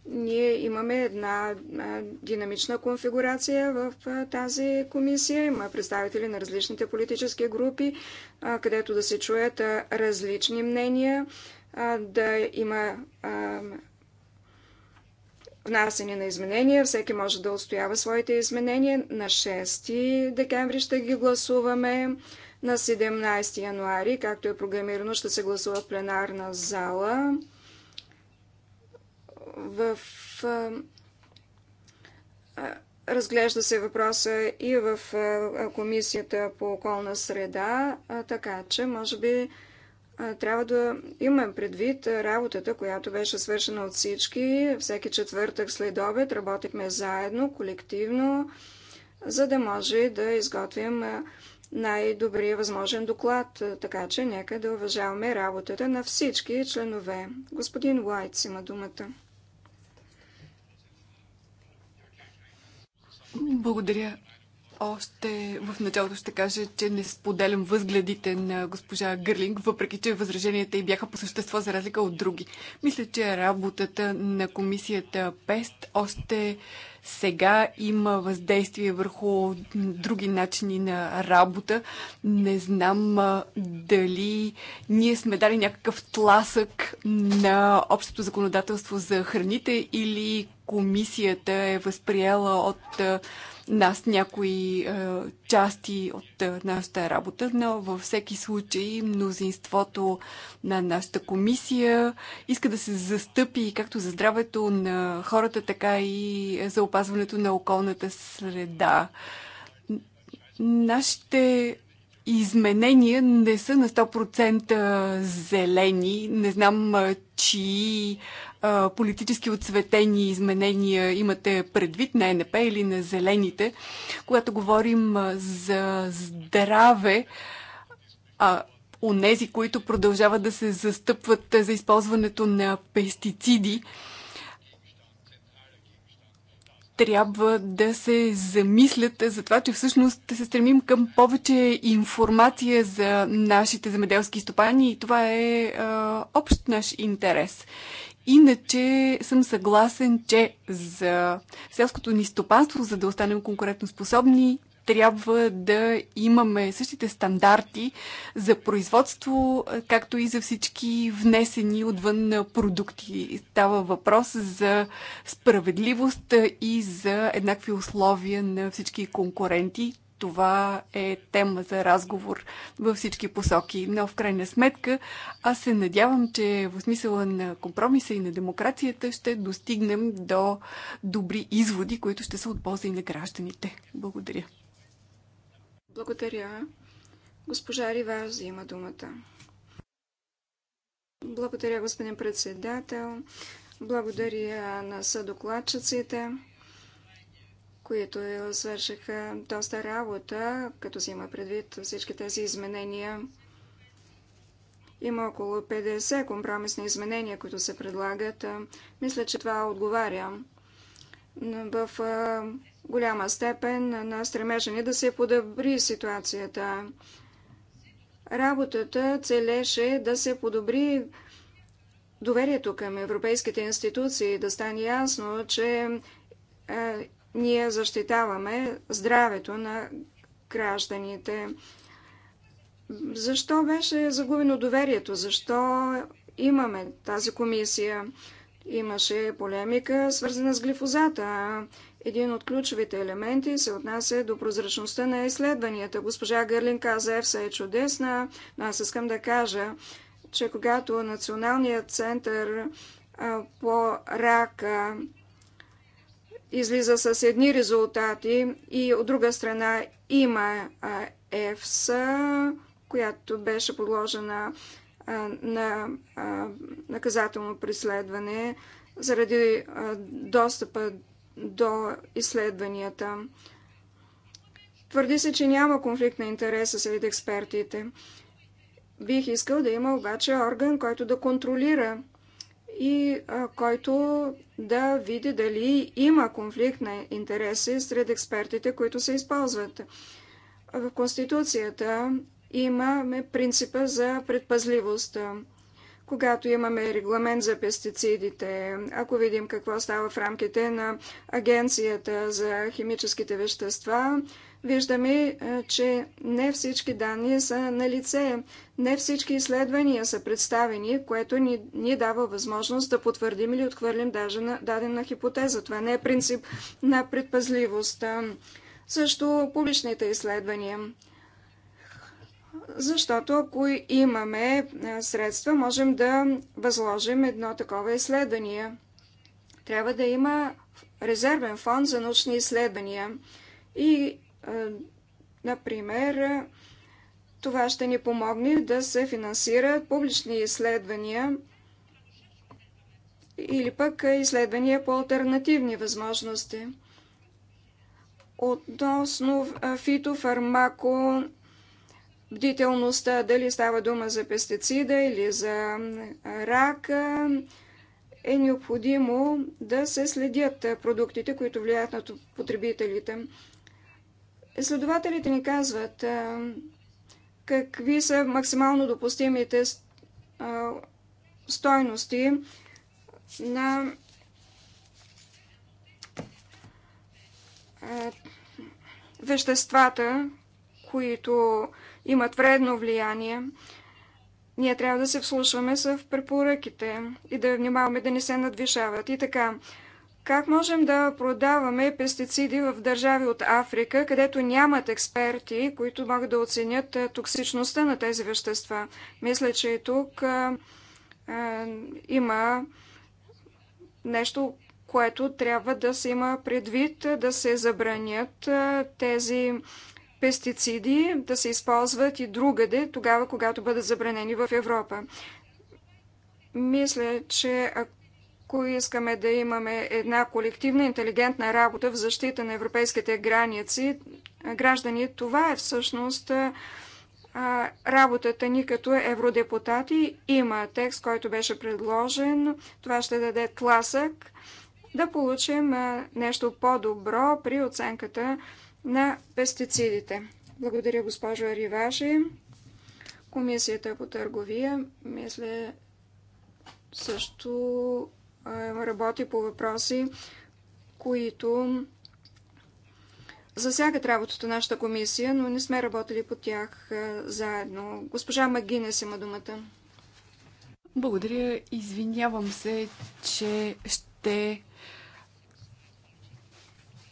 ние имаме една динамична конфигурация в тази комисия. Има представители на различните политически групи, където да се чуят различни мнения, да има внасяне на изменения. Всеки може да отстоява своите изменения. На 6 декември ще ги гласуваме. На 17 януари, както е програмирано, ще се гласува в пленарна зала в Разглежда се въпроса и в Комисията по околна среда, така че може би трябва да имам предвид работата, която беше свършена от всички. Всеки четвъртък след обед работихме заедно, колективно, за да може да изготвим най-добрия възможен доклад, така че нека да уважаваме работата на всички членове. Господин Уайтс има думата. Благодаря. Още в началото ще кажа, че не споделям възгледите на госпожа Гърлинг, въпреки че възраженията й бяха по същество за разлика от други. Мисля, че работата на комисията ПЕСТ още сега има въздействие върху други начини на работа. Не знам дали ние сме дали някакъв тласък на общото законодателство за храните или комисията е възприела от нас някои е, части от е, нашата работа, но във всеки случай мнозинството на нашата комисия иска да се застъпи както за здравето на хората, така и за опазването на околната среда. Нашите изменения не са на 100% зелени. Не знам е, чии политически отцветени изменения имате предвид на НП или на зелените. Когато говорим за здраве, а онези, които продължават да се застъпват за използването на пестициди, трябва да се замислят за това, че всъщност се стремим към повече информация за нашите земеделски стопани и това е а, общ наш интерес. Иначе съм съгласен, че за селското ни стопанство, за да останем конкурентоспособни, трябва да имаме същите стандарти за производство, както и за всички внесени отвън продукти. Става въпрос за справедливост и за еднакви условия на всички конкуренти това е тема за разговор във всички посоки. Но в крайна сметка аз се надявам, че в смисъла на компромиса и на демокрацията ще достигнем до добри изводи, които ще са от полза и на гражданите. Благодаря. Благодаря. Госпожа Ривази има думата. Благодаря, господин председател. Благодаря на съдокладчиците които свършиха доста работа, като се има предвид всички тези изменения. Има около 50 компромисни изменения, които се предлагат. Мисля, че това отговаря в голяма степен на стремежа ни да се подобри ситуацията. Работата целеше да се подобри доверието към европейските институции, да стане ясно, че ние защитаваме здравето на гражданите. Защо беше загубено доверието? Защо имаме тази комисия? Имаше полемика, свързана с глифозата. Един от ключовите елементи се отнася до прозрачността на изследванията. Госпожа Гърлин каза, ЕФСА е чудесна, но аз искам да кажа, че когато Националният център по рака излиза с едни резултати и от друга страна има ЕФСА, която беше подложена на наказателно преследване заради достъпа до изследванията. Твърди се, че няма конфликт на интереса сред експертите. Бих искал да има обаче орган, който да контролира и а, който да види дали има конфликт на интереси сред експертите, които се използват. В Конституцията имаме принципа за предпазливост. Когато имаме регламент за пестицидите, ако видим какво става в рамките на Агенцията за химическите вещества, виждаме, е, че не всички данни са на лице, не всички изследвания са представени, което ни, ни дава възможност да потвърдим или отхвърлим даже на дадена хипотеза. Това не е принцип на предпазливост. Е, също публичните изследвания. Защото ако имаме е, средства, можем да възложим едно такова изследване. Трябва да има резервен фонд за научни изследвания. И е, например, това ще ни помогне да се финансират публични изследвания или пък изследвания по альтернативни възможности. Относно е, фитофармако бдителността, дали става дума за пестицида или за е, рака, е необходимо да се следят продуктите, които влияят на потребителите. Изследователите ни казват какви са максимално допустимите стойности на веществата, които имат вредно влияние. Ние трябва да се вслушваме в препоръките и да внимаваме да не се надвишават. И така, как можем да продаваме пестициди в държави от Африка, където нямат експерти, които могат да оценят токсичността на тези вещества? Мисля, че и тук а, а, има нещо, което трябва да се има предвид, да се забранят а, тези пестициди, да се използват и другаде, тогава, когато бъдат забранени в Европа. Мисля, че ако ако искаме да имаме една колективна интелигентна работа в защита на европейските граници, граждани, това е всъщност работата ни като евродепутати. Има текст, който беше предложен. Това ще даде тласък да получим нещо по-добро при оценката на пестицидите. Благодаря, госпожо Ариваши. Комисията по търговия, мисля, също работи по въпроси, които засягат работата на нашата комисия, но не сме работили по тях заедно. Госпожа Магинес има думата. Благодаря. Извинявам се, че ще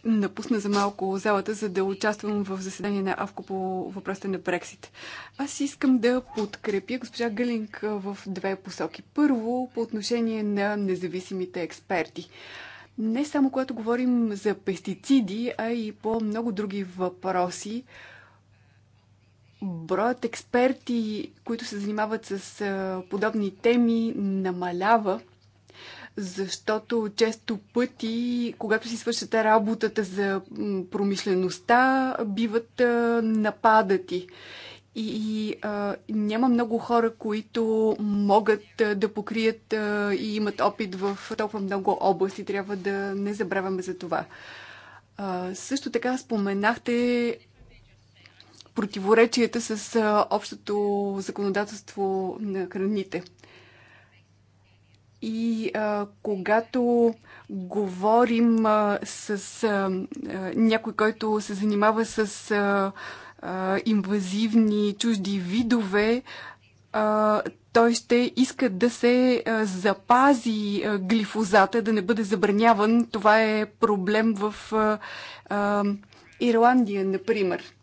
напусна за малко залата, за да участвам в заседание на АВКО по въпроса на Брексит. Аз искам да подкрепя госпожа Гълинг в две посоки. Първо, по отношение на независимите експерти. Не само когато говорим за пестициди, а и по много други въпроси, броят експерти, които се занимават с подобни теми, намалява защото често пъти, когато си свършат работата за промишлеността, биват нападати. И, и а, няма много хора, които могат а, да покрият а, и имат опит в толкова много области. Трябва да не забравяме за това. А, също така споменахте противоречията с а, общото законодателство на храните. И а, когато говорим а, с а, някой, който се занимава с а, а, инвазивни чужди видове, а, той ще иска да се а, запази а, глифозата, да не бъде забраняван. Това е проблем в а, а, Ирландия, например.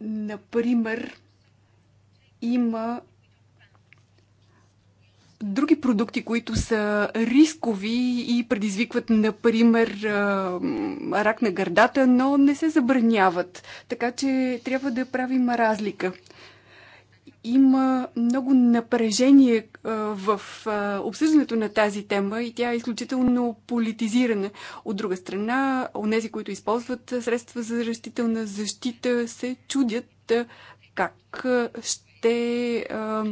Например, има други продукти, които са рискови и предизвикват, например, рак на гърдата, но не се забраняват. Така че трябва да правим разлика. Има много напрежение в обсъждането на тази тема и тя е изключително политизирана. От друга страна, онези, които използват средства за растителна защита, се чудят как ще те а,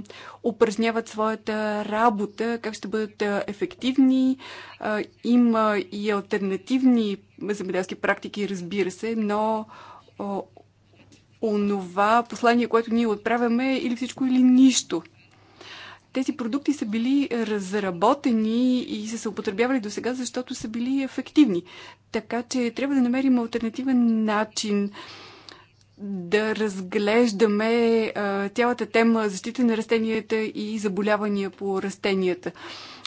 упражняват своята работа, как ще бъдат ефективни. А, има и альтернативни земеделски практики, разбира се, но а, онова послание, което ние отправяме е или всичко, или нищо. Тези продукти са били разработени и са се употребявали до сега, защото са били ефективни. Така че трябва да намерим альтернативен начин да разглеждаме а, цялата тема защита на растенията и заболявания по растенията.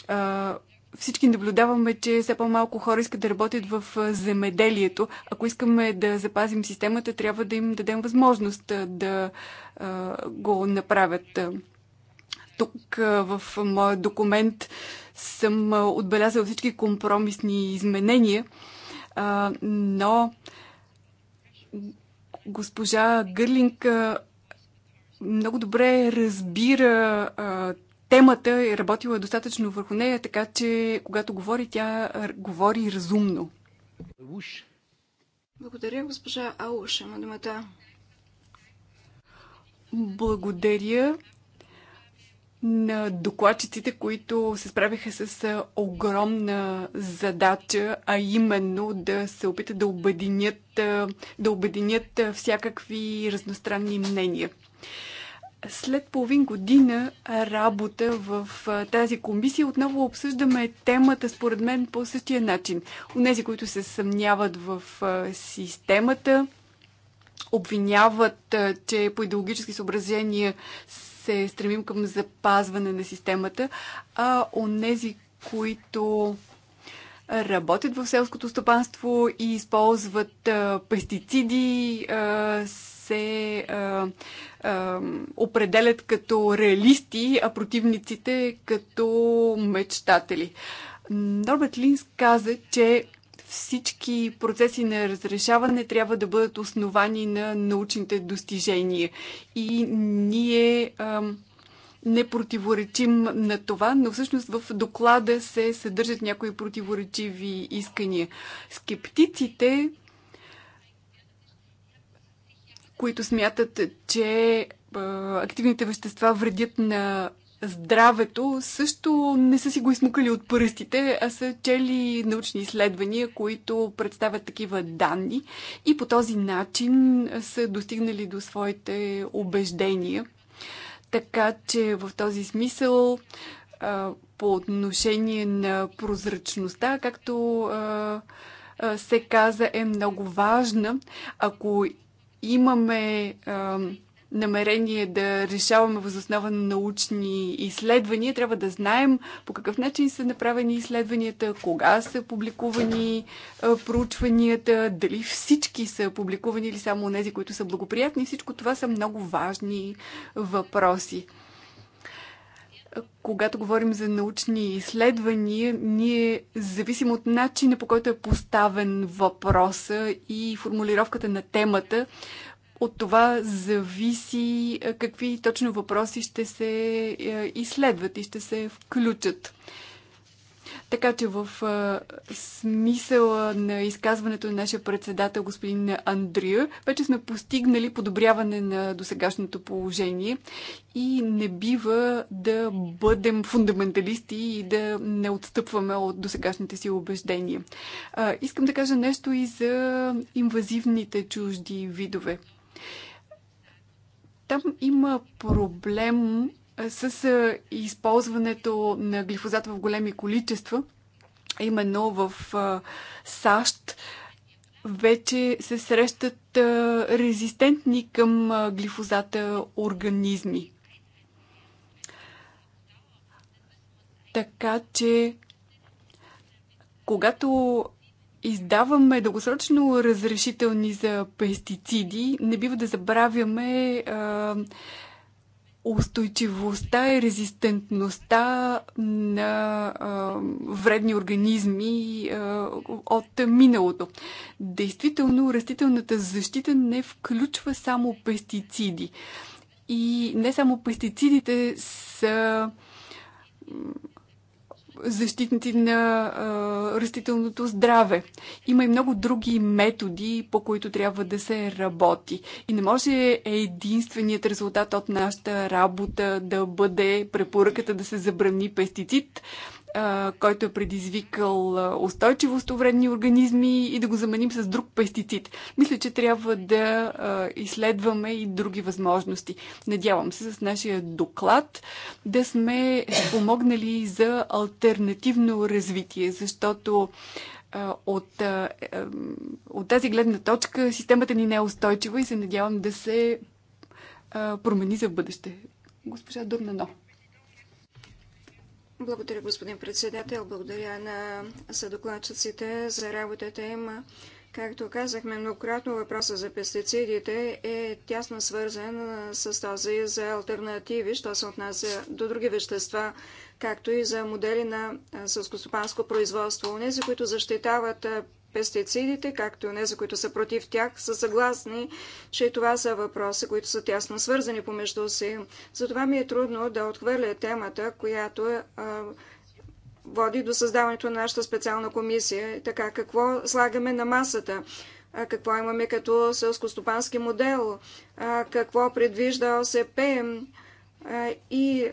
А, всички наблюдаваме, че все по-малко хора искат да работят в земеделието. Ако искаме да запазим системата, трябва да им дадем възможност да а, го направят. Тук а, в моя документ съм отбелязал всички компромисни изменения, а, но Госпожа Гърлинг много добре разбира а, темата и е работила достатъчно върху нея, така че когато говори, тя говори разумно. Благодаря, госпожа Ауш. Има думата. Благодаря на докладчиците, които се справиха с огромна задача, а именно да се опитат да обединят, да обединят всякакви разностранни мнения. След половин година работа в тази комисия отново обсъждаме темата, според мен, по същия начин. Унези, които се съмняват в системата, обвиняват, че по идеологически съображения се стремим към запазване на системата, а онези, които работят в селското стопанство и използват а, пестициди, а, се а, а, определят като реалисти, а противниците като мечтатели. Норбет Линс каза, че всички процеси на разрешаване трябва да бъдат основани на научните достижения. И ние ам, не противоречим на това, но всъщност в доклада се съдържат някои противоречиви искания. Скептиците, които смятат, че активните вещества вредят на здравето също не са си го измукали от пръстите, а са чели научни изследвания, които представят такива данни и по този начин са достигнали до своите убеждения. Така че в този смисъл по отношение на прозрачността, както се каза, е много важна. Ако имаме намерение да решаваме възоснова на научни изследвания, трябва да знаем по какъв начин са направени изследванията, кога са публикувани проучванията, дали всички са публикувани или само тези, които са благоприятни. Всичко това са много важни въпроси. Когато говорим за научни изследвания, ние зависим от начина по който е поставен въпроса и формулировката на темата, от това зависи е, какви точно въпроси ще се е, изследват и ще се включат. Така че в е, смисъла на изказването на нашия председател господин Андрия, вече сме постигнали подобряване на досегашното положение и не бива да бъдем фундаменталисти и да не отстъпваме от досегашните си убеждения. искам да кажа нещо и за инвазивните чужди видове. Там има проблем с използването на глифозат в големи количества, именно в САЩ вече се срещат резистентни към глифозата организми. Така че, когато издаваме дългосрочно разрешителни за пестициди, не бива да забравяме а, устойчивостта и резистентността на а, вредни организми а, от миналото. Действително, растителната защита не включва само пестициди. И не само пестицидите са защитници на а, растителното здраве. Има и много други методи, по които трябва да се работи. И не може единственият резултат от нашата работа да бъде препоръката да се забрани пестицид. А, който е предизвикал устойчивост у вредни организми и да го заменим с друг пестицид. Мисля, че трябва да изследваме и други възможности. Надявам се с нашия доклад да сме помогнали за альтернативно развитие, защото от, от тази гледна точка системата ни не е устойчива и се надявам да се промени за бъдеще. Госпожа Дурнано. Благодаря, господин председател. Благодаря на съдокладчиците за работата им. Както казахме многократно, въпроса за пестицидите е тясно свързан с този за альтернативи, що се отнася до други вещества, както и за модели на сълскостопанско производство. Унези, които защитават пестицидите, както и тези, които са против тях, са съгласни, че това са въпроси, които са тясно свързани помежду си. Затова ми е трудно да отхвърля темата, която е, а, води до създаването на нашата специална комисия. Така, какво слагаме на масата? А, какво имаме като селскостопански модел? А, какво предвижда ОСП? и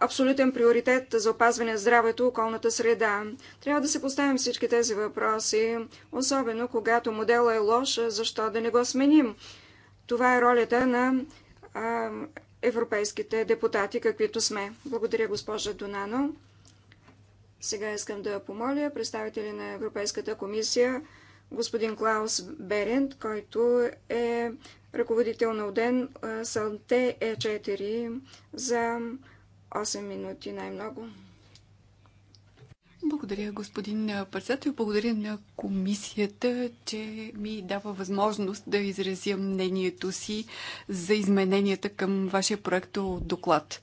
абсолютен приоритет за опазване на здравето и околната среда. Трябва да се поставим всички тези въпроси, особено когато моделът е лош, защо да не го сменим. Това е ролята на а, европейските депутати, каквито сме. Благодаря, госпожа Донано. Сега искам да помоля представители на Европейската комисия, господин Клаус Берент, който е ръководител на ОДЕН Салте Е4 за 8 минути най-много. Благодаря, господин председател. Благодаря на комисията, че ми дава възможност да изразя мнението си за измененията към вашия проект доклад.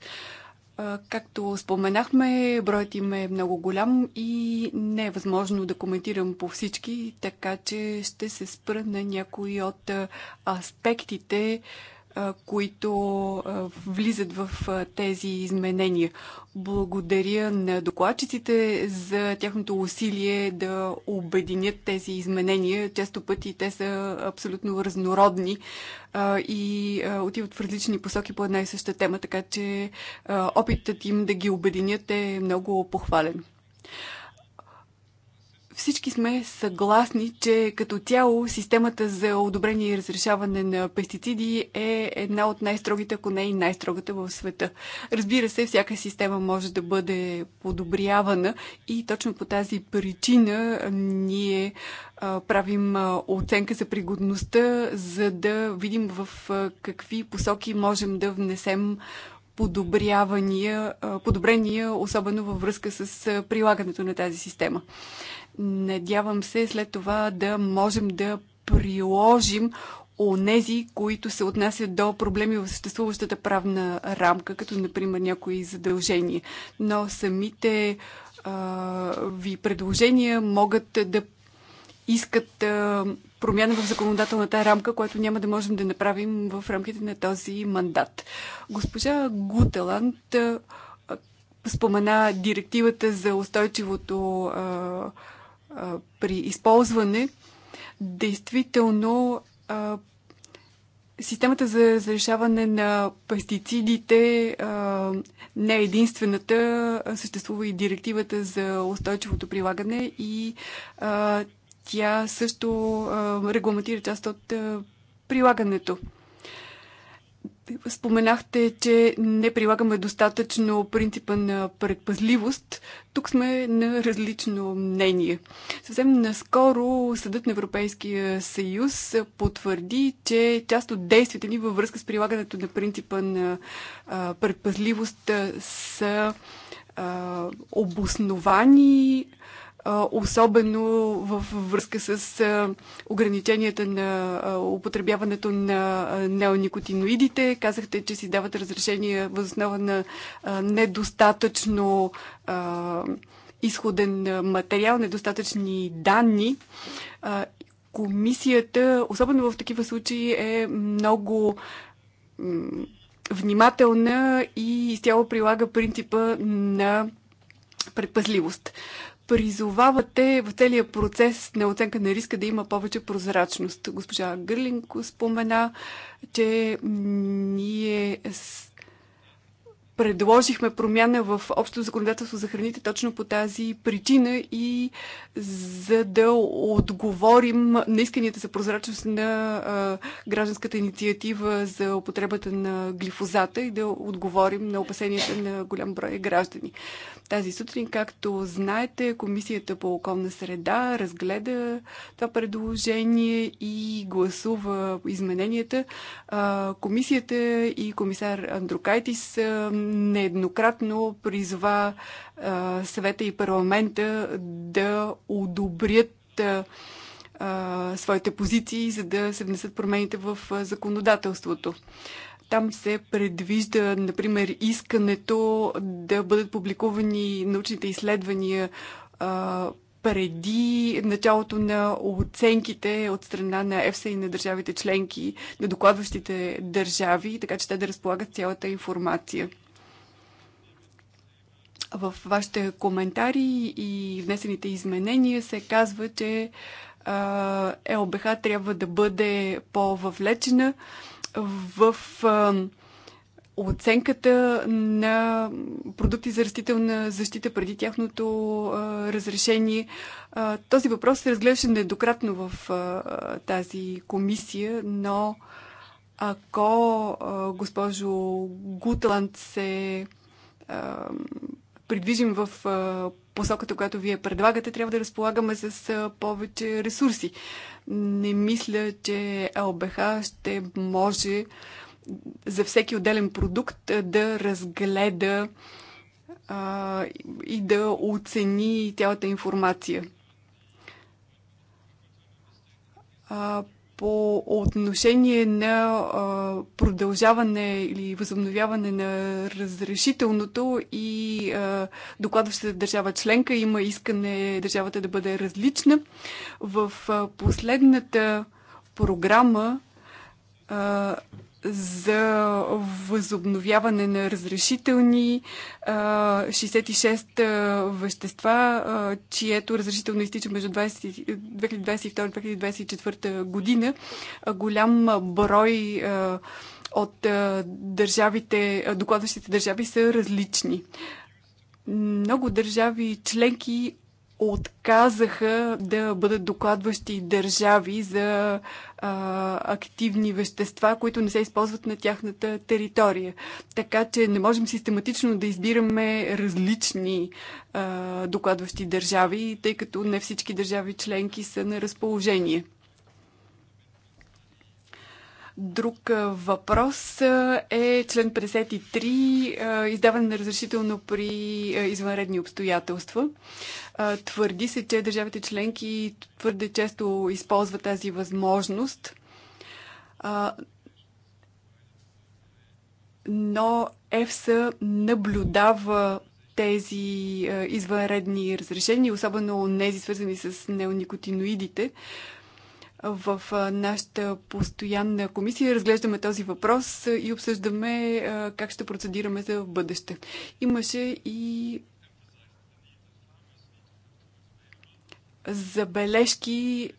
Както споменахме, броят им е много голям и не е възможно да коментирам по всички, така че ще се спра на някои от аспектите, които влизат в тези изменения. Благодаря на докладчиците за тяхното усилие да обединят тези изменения. Често пъти те са абсолютно разнородни и отиват в различни посоки по една и съща тема, така че опитът им да ги обединят е много похвален. Всички сме съгласни, че като цяло системата за одобрение и разрешаване на пестициди е една от най-строгите, ако не и най-строгата в света. Разбира се, всяка система може да бъде подобрявана и точно по тази причина ние правим оценка за пригодността, за да видим в какви посоки можем да внесем подобрявания, подобрения, особено във връзка с прилагането на тази система. Надявам се след това да можем да приложим онези, които се отнасят до проблеми в съществуващата правна рамка, като например някои задължения. Но самите а, ви предложения могат да искат а, промяна в законодателната рамка, което няма да можем да направим в рамките на този мандат. Госпожа Гуталанд а, спомена директивата за устойчивото а, при използване, действително а, системата за разрешаване на пестицидите а, не е единствената. Съществува и директивата за устойчивото прилагане и а, тя също а, регламентира част от а, прилагането. Споменахте, че не прилагаме достатъчно принципа на предпазливост. Тук сме на различно мнение. Съвсем наскоро Съдът на Европейския съюз потвърди, че част от действията ни във връзка с прилагането на принципа на предпазливост са обосновани, особено в връзка с ограниченията на употребяването на неоникотиноидите. Казахте, че си дават разрешение възоснова на недостатъчно изходен материал, недостатъчни данни. Комисията, особено в такива случаи, е много внимателна и изцяло прилага принципа на предпазливост призовавате в целия процес на оценка на риска да има повече прозрачност. Госпожа Гърлинко спомена, че ние предложихме промяна в общото законодателство за храните точно по тази причина и за да отговорим на исканията за прозрачност на гражданската инициатива за употребата на глифозата и да отговорим на опасенията на голям брой граждани. Тази сутрин, както знаете, Комисията по околна среда разгледа това предложение и гласува измененията. комисията и комисар Андрукайтис нееднократно призва съвета и парламента да одобрят своите позиции, за да се внесат промените в законодателството. Там се предвижда, например, искането да бъдат публикувани научните изследвания преди началото на оценките от страна на ЕФСА и на държавите членки, на докладващите държави, така че те да разполагат цялата информация. В вашите коментари и внесените изменения се казва, че ЛБХ трябва да бъде по-въвлечена в оценката на продукти за растителна защита преди тяхното а, разрешение. А, този въпрос се разглеждаше недократно в а, тази комисия, но ако а, госпожо Гутланд се а, придвижим в посоката, която вие предлагате, трябва да разполагаме с повече ресурси. Не мисля, че ЛБХ ще може за всеки отделен продукт да разгледа а, и да оцени цялата информация. А, по отношение на продължаване или възобновяване на разрешителното и докладващата държава членка има искане държавата да бъде различна. В последната програма за възобновяване на разрешителни 66 вещества, чието разрешително изтича между 2022-2024 година. Голям брой от държавите, докладващите държави са различни. Много държави членки отказаха да бъдат докладващи държави за а, активни вещества, които не се използват на тяхната територия. Така че не можем систематично да избираме различни а, докладващи държави, тъй като не всички държави членки са на разположение. Друг въпрос е член 53 издаване на разрешително при извънредни обстоятелства. Твърди се, че държавите членки твърде често използват тази възможност. Но ЕФСА наблюдава тези извънредни разрешения, особено тези свързани с неоникотиноидите, в нашата постоянна комисия разглеждаме този въпрос и обсъждаме как ще процедираме за бъдеще. Имаше и забележки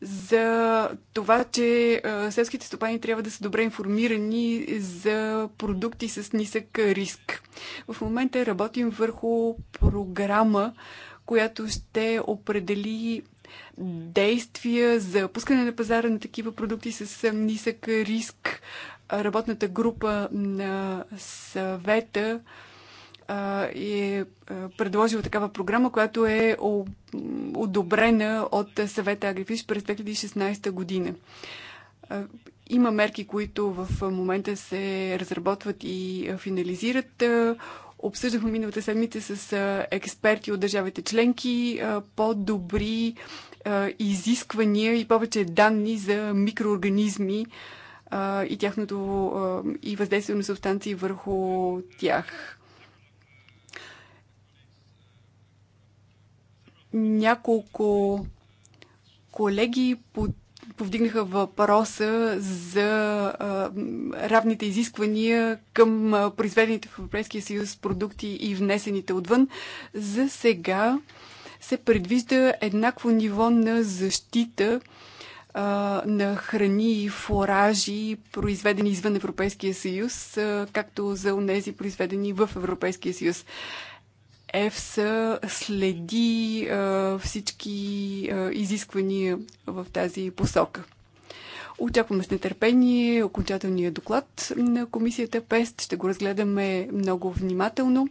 за това, че селските стопани трябва да са добре информирани за продукти с нисък риск. В момента работим върху програма, която ще определи действия за пускане на пазара на такива продукти с нисък риск. Работната група на съвета е предложила такава програма, която е одобрена от съвета Агрифиш през 2016 година. Има мерки, които в момента се разработват и финализират. Обсъждахме миналата седмица с експерти от държавите членки по-добри изисквания и повече данни за микроорганизми и тяхното и въздействие на субстанции върху тях. Няколко колеги под повдигнаха въпроса за равните изисквания към произведените в Европейския съюз продукти и внесените отвън. За сега се предвижда еднакво ниво на защита на храни и фуражи, произведени извън Европейския съюз, както за онези произведени в Европейския съюз. ЕФСА следи а, всички а, изисквания в тази посока. Очакваме с нетърпение окончателния доклад на комисията ПЕСТ. Ще го разгледаме много внимателно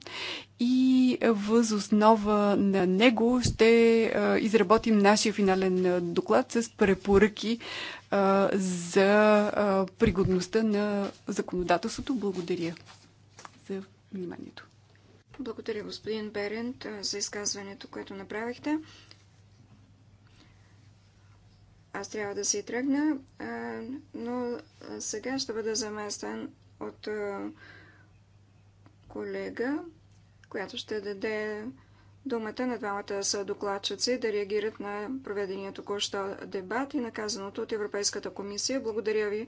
и въз основа на него ще а, изработим нашия финален доклад с препоръки а, за а, пригодността на законодателството. Благодаря за вниманието. Благодаря, господин Берент, за изказването, което направихте. Аз трябва да си тръгна, но сега ще бъда заместен от колега, която ще даде думата на двамата са докладчици да реагират на проведения току-що дебат и наказаното от Европейската комисия. Благодаря ви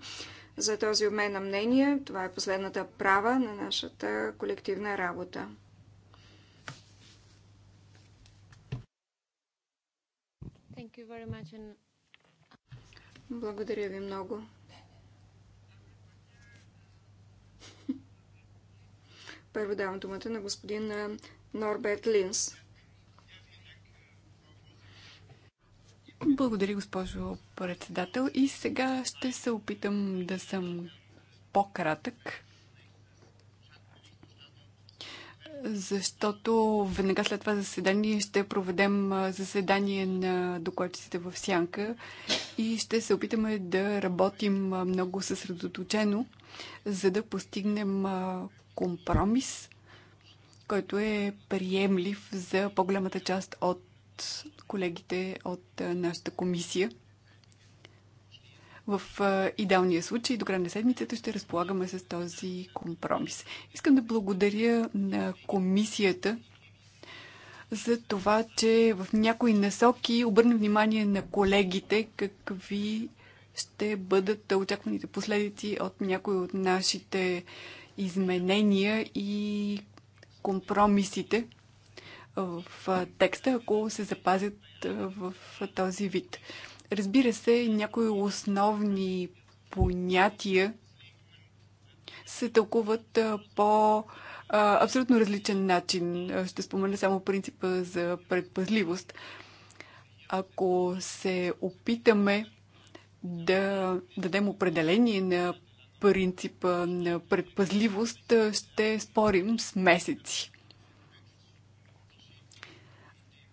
за този обмен на мнение. Това е последната права на нашата колективна работа. Благодаря ви много. Първо давам думата на господин Норберт Линс. Благодаря, госпожо председател. И сега ще се опитам да съм по-кратък. защото веднага след това заседание ще проведем заседание на докладчиците в Сянка и ще се опитаме да работим много съсредоточено, за да постигнем компромис, който е приемлив за по-голямата част от колегите от нашата комисия. В идеалния случай до края на седмицата ще разполагаме с този компромис. Искам да благодаря на комисията за това, че в някои насоки обърна внимание на колегите какви ще бъдат очакваните последици от някои от нашите изменения и компромисите в текста, ако се запазят в този вид. Разбира се, някои основни понятия се тълкуват по абсолютно различен начин. Ще спомена само принципа за предпазливост. Ако се опитаме да дадем определение на принципа на предпазливост, ще спорим с месеци.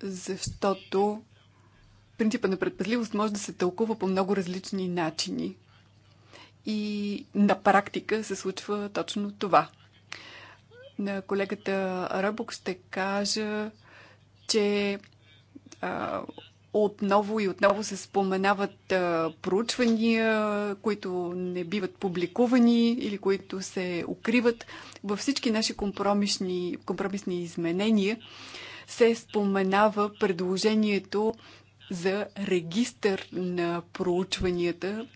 Защото принципа на предпазливост може да се тълкува по много различни начини. И на практика се случва точно това. На колегата Ръбок ще кажа, че а, отново и отново се споменават а, проучвания, които не биват публикувани или които се укриват. Във всички наши компромисни, компромисни изменения се споменава предложението за регистър на проучванията.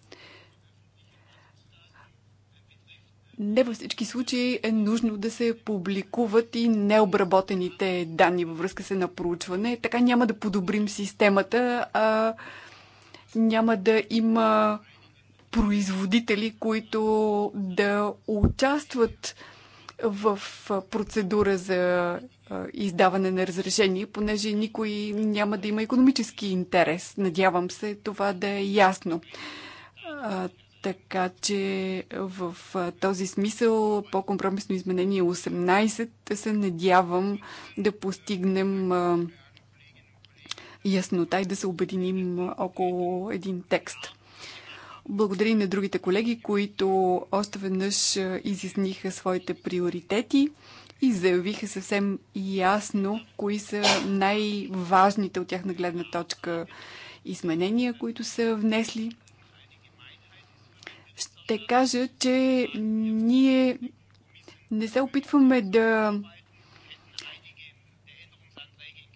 Не във всички случаи е нужно да се публикуват и необработените данни във връзка се на проучване. Така няма да подобрим системата, а няма да има производители, които да участват в процедура за издаване на разрешение, понеже никой няма да има економически интерес. Надявам се това да е ясно. Така че в този смисъл по компромисно изменение 18 се надявам да постигнем яснота и да се обединим около един текст. Благодаря и на другите колеги, които още веднъж изясниха своите приоритети и заявиха съвсем ясно кои са най-важните от тяхна гледна точка изменения, които са внесли. Ще кажа, че ние не се опитваме да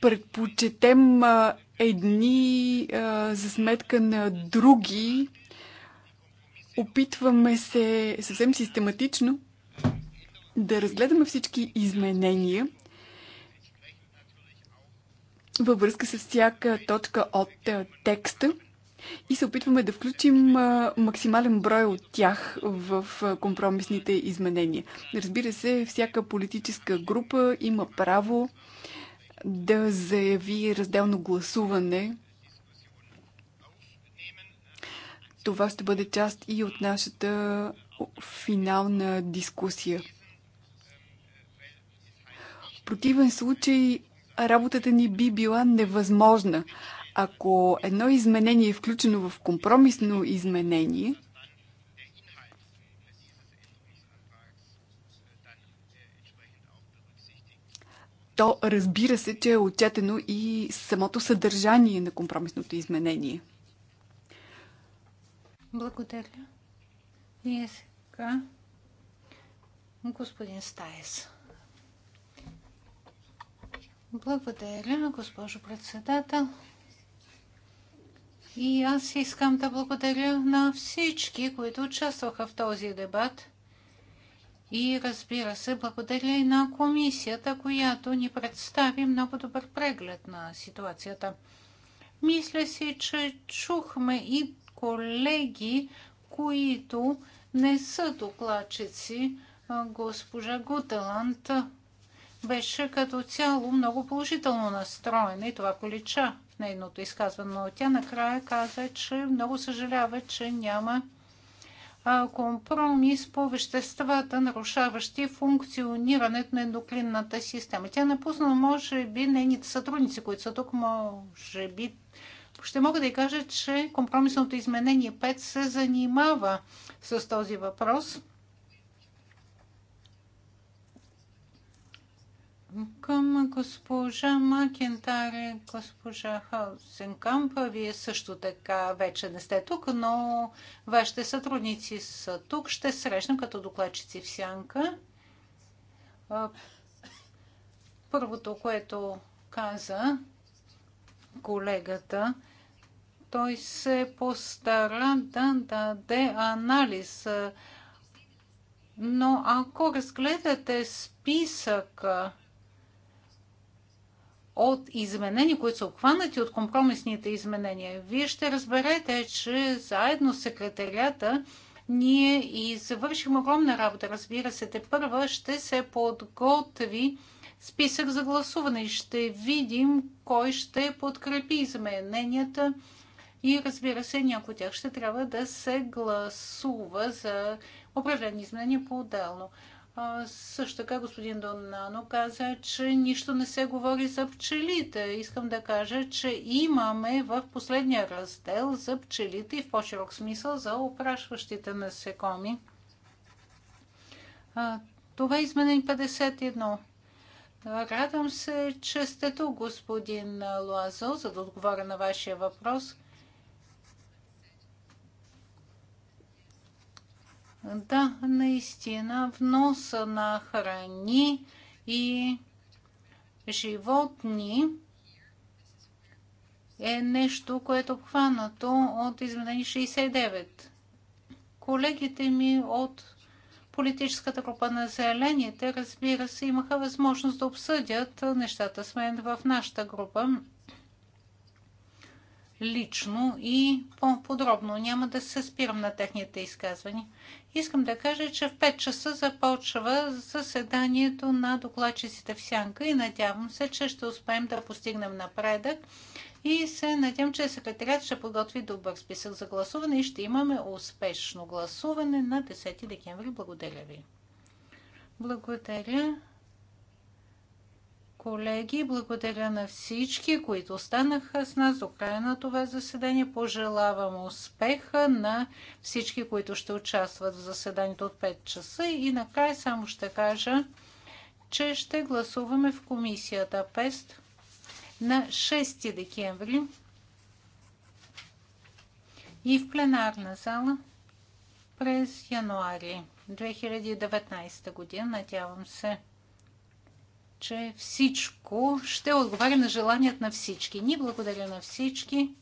предпочетем едни за сметка на други. Опитваме се съвсем систематично да разгледаме всички изменения във връзка с всяка точка от текста и се опитваме да включим максимален брой от тях в компромисните изменения. Разбира се, всяка политическа група има право да заяви разделно гласуване. Това ще бъде част и от нашата финална дискусия противен случай работата ни би била невъзможна. Ако едно изменение е включено в компромисно изменение, то разбира се, че е отчетено и самото съдържание на компромисното изменение. Благодаря. И сега господин Стаес. Благодаря, госпожо председател. И аз искам да благодаря на всички, които участваха в този дебат. И разбира се, благодаря и на комисията, която ни представи много добър преглед на ситуацията. Мисля си, че чухме и колеги, които не са докладчици. Госпожа Гутеланд беше като цяло много положително настроена и това полича в нейното изказване. Но тя накрая каза, че много съжалява, че няма компромис по веществата, нарушаващи функционирането на ендокринната система. Тя напусна, може би, нейните сътрудници, които са тук, може би, ще мога да й кажа, че компромисното изменение 5 се занимава с този въпрос. Към госпожа Макентар и госпожа Хаусенкампа, вие също така вече не сте тук, но вашите сътрудници са тук. Ще срещнем като докладчици в сянка. Първото, което каза колегата, той се постара да даде анализ. Но ако разгледате списъка от изменения, които са обхванати от компромисните изменения. Вие ще разберете, че заедно с секретарията ние и завършим огромна работа. Разбира се, те първа ще се подготви списък за гласуване и ще видим кой ще подкрепи измененията и разбира се, някои от тях ще трябва да се гласува за определени изменения по-отделно. Също така господин Донано каза, че нищо не се говори за пчелите. Искам да кажа, че имаме в последния раздел за пчелите и в по-широк смисъл за опрашващите насекоми. Това е изменение 51. Радвам се, че сте тук, господин Луазо, за да отговоря на вашия въпрос. Да, наистина, носа на храни и животни е нещо, което е обхванато от изменение 69. Колегите ми от политическата група на зелените, разбира се, имаха възможност да обсъдят нещата с мен в нашата група лично и по-подробно. Няма да се спирам на техните изказвания. Искам да кажа, че в 5 часа започва заседанието на докладчиците в Сянка и надявам се, че ще успеем да постигнем напредък и се надявам, че секретарят ще подготви добър списък за гласуване и ще имаме успешно гласуване на 10 декември. Благодаря ви. Благодаря колеги. Благодаря на всички, които останаха с нас до края на това заседание. Пожелавам успеха на всички, които ще участват в заседанието от 5 часа. И накрая само ще кажа, че ще гласуваме в комисията ПЕСТ на 6 декември и в пленарна зала през януари 2019 година. Надявам се че всичко ще отговаря на желанията на всички. Ни благодаря на всички.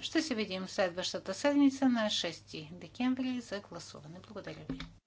Ще се видим следващата седмица на 6 декември за гласуване. Благодаря ви.